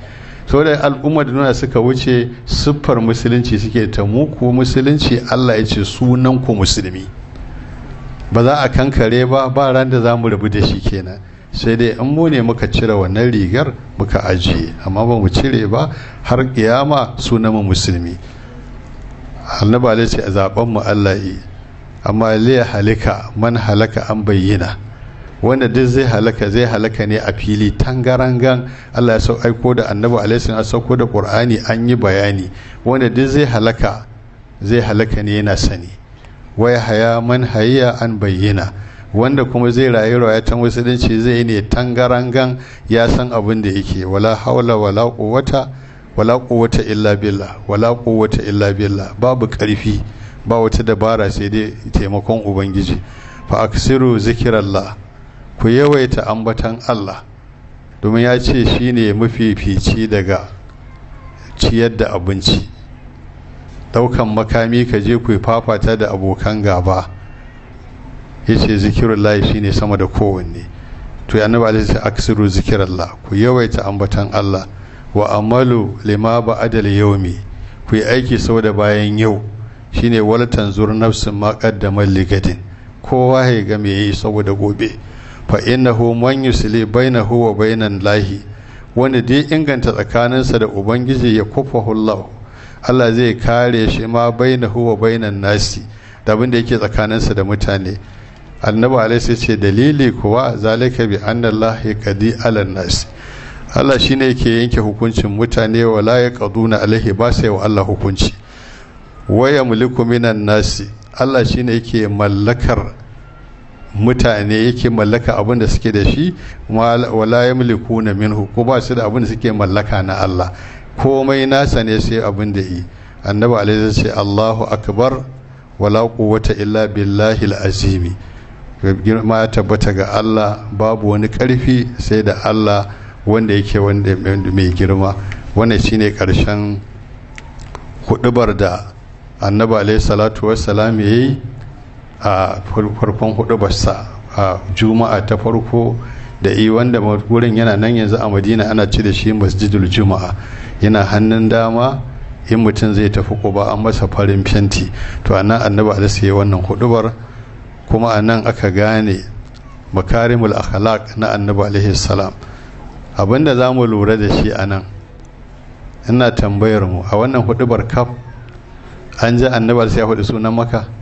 saboda al'ummar da nuna suka wuce siffar musulunci suke ta muku musulunci Allah ya ce sunan ku musulmi ba za a kankare ba ba ran da za mu rabu da shi kenan sai dai in mu ne muka cire wannan rigar muka ajiye amma ba mu cire ba har kiyama sunan mu musulmi annabi ce a zaben mu Allah yi amma liya halika man halaka an bayyana wanda duk zai halaka zai halaka ne a fili tangarangan Allah ya aiko da annabi alaihi a sauko da qur'ani an yi bayani wanda duk zai halaka zai halaka ne yana sani Wai haya man hayya an bayyana wanda kuma zai rayu ta musulunci zai ne tangarangan ya san abin da yake wala haula wala quwwata wala illa billah wala quwwata illa billah babu karfi ba wata dabara sai dai taimakon ubangiji fa aksiru zikrallah ku yawaita ambatan Allah domin ya ce shi ne mafifici daga ciyar da abinci daukan makami ka je ku fafata da abokan gaba ya ce zikirullahi shi ne sama da kowanne to ya naba da aksiru la, ku yawaita ambatan Allah wa amalu lima ba adal yaumi ku yi aiki sau da bayan yau shine walatan zuwa nafsin makar da ligadin kowa ya game ya yi saboda gobe fa innahu man yusli bainahu wa bainan lahi wanda dai inganta tsakaninsa da ubangiji ya kufahu Allah Allah zai kare shi ma bainahu wa bainan nasi da abin da yake tsakaninsa da mutane annabi alaihi sai ce dalili kuwa zalika bi annallahi qadi ala nasi Allah shine yake yanke hukuncin mutane wa la yaqduna alaihi ba sai wa Allah hukunci waya yamliku minan nasi Allah shine yake mallakar mutane yake mallaka abin da suke da shi wala yamliku na minhu ko ba su da abin da suke mallaka na Allah komai nasa ne sai abin da yi annabi alaihi ce Allahu akbar wala quwwata illa billahi azimi girma tabbata ga Allah babu wani karfi sai da Allah wanda yake wanda mai girma wannan shine karshen hudubar da annabi alaihi salatu wassalam yayi a farkon hudu basa a juma'a ta farko da yi wanda wurin yana nan yanzu a madina ana ci da shi masjidul juma'a yana hannun dama in mutum zai tafi ba an masa farin fenti to anan da su yi wannan hudubar kuma anan aka gane makarimul akhlaq na annaba alaihi salam abinda za mu lura da shi anan ina tambayar mu a wannan hudubar kaf an ji annabi sai ya hudu sunan maka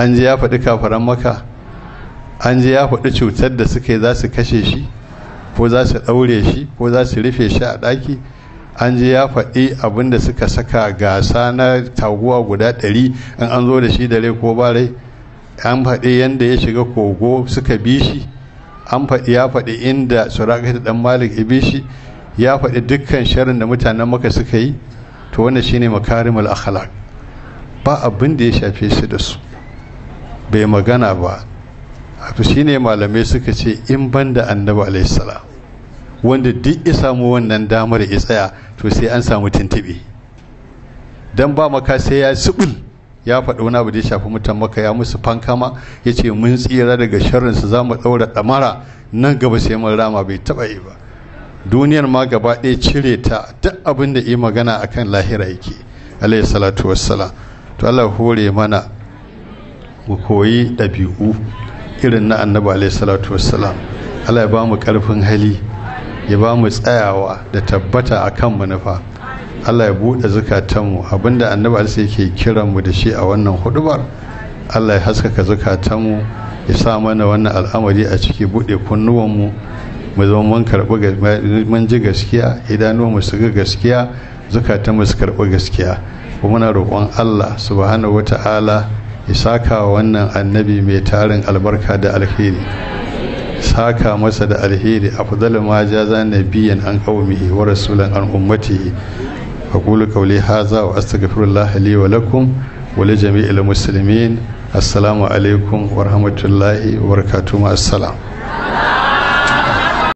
an ji ya faɗi kafaran maka an ji ya faɗi cutar da suka yi za su kashe shi ko za su ɗaure shi ko za su rufe shi a ɗaki an ji ya faɗi abin suka saka gasa na taguwa guda ɗari in an zo da shi da rai ko ba rai an faɗi yadda ya shiga kogo suka bi shi an faɗi ya faɗi inda surakata ɗan malik ya bi shi ya faɗi dukkan shirin da mutanen maka suka yi to wannan shine makarimul akhlaq ba abinda ya shafe su da su bai magana ba shi shine malamai suka ce in ban banda annabi alaihissalam wanda duk ya samu wannan damar ya tsaya to sai an samu tuntuɓe don ba maka sai ya subul ya faɗi wani abu da ya shafi mutan maka ya musu fankama ya ce mun tsira daga sharrinsu za mu ɗaura ɗamara nan gaba sai mun rama bai taɓa yi ba duniyar ma gaba ɗaya cire ta duk abin da yi magana akan lahira yake alaihi salatu wassalam to Allah hore mana mu koyi ɗabi'u irin na annabi alaihi salatu wassalam Allah ya ba mu ƙarfin hali ya ba mu tsayawa da tabbata a kan manufa Allah ya buɗe zukatanmu abinda annabi alaihi yake kiran mu da shi a wannan hudubar Allah ya haskaka zukatanmu ya sa mana wannan al'amari a ciki buɗe kunnuwanmu mu zama mun karɓi mun ji gaskiya idanuwanmu su ga gaskiya zukatanmu su karɓi gaskiya kuma muna roƙon Allah subhanahu wata'ala isaka wannan annabi mai tarin albarka da alheri saka masa da alheri a ma jaza biyan an qaumihi wa rasulan an ummatihi aqulu Kauli Haza wa astaghfirullah li wa lakum wa li jami'il muslimin assalamu alaikum wa rahmatullahi wa barakatuh assalam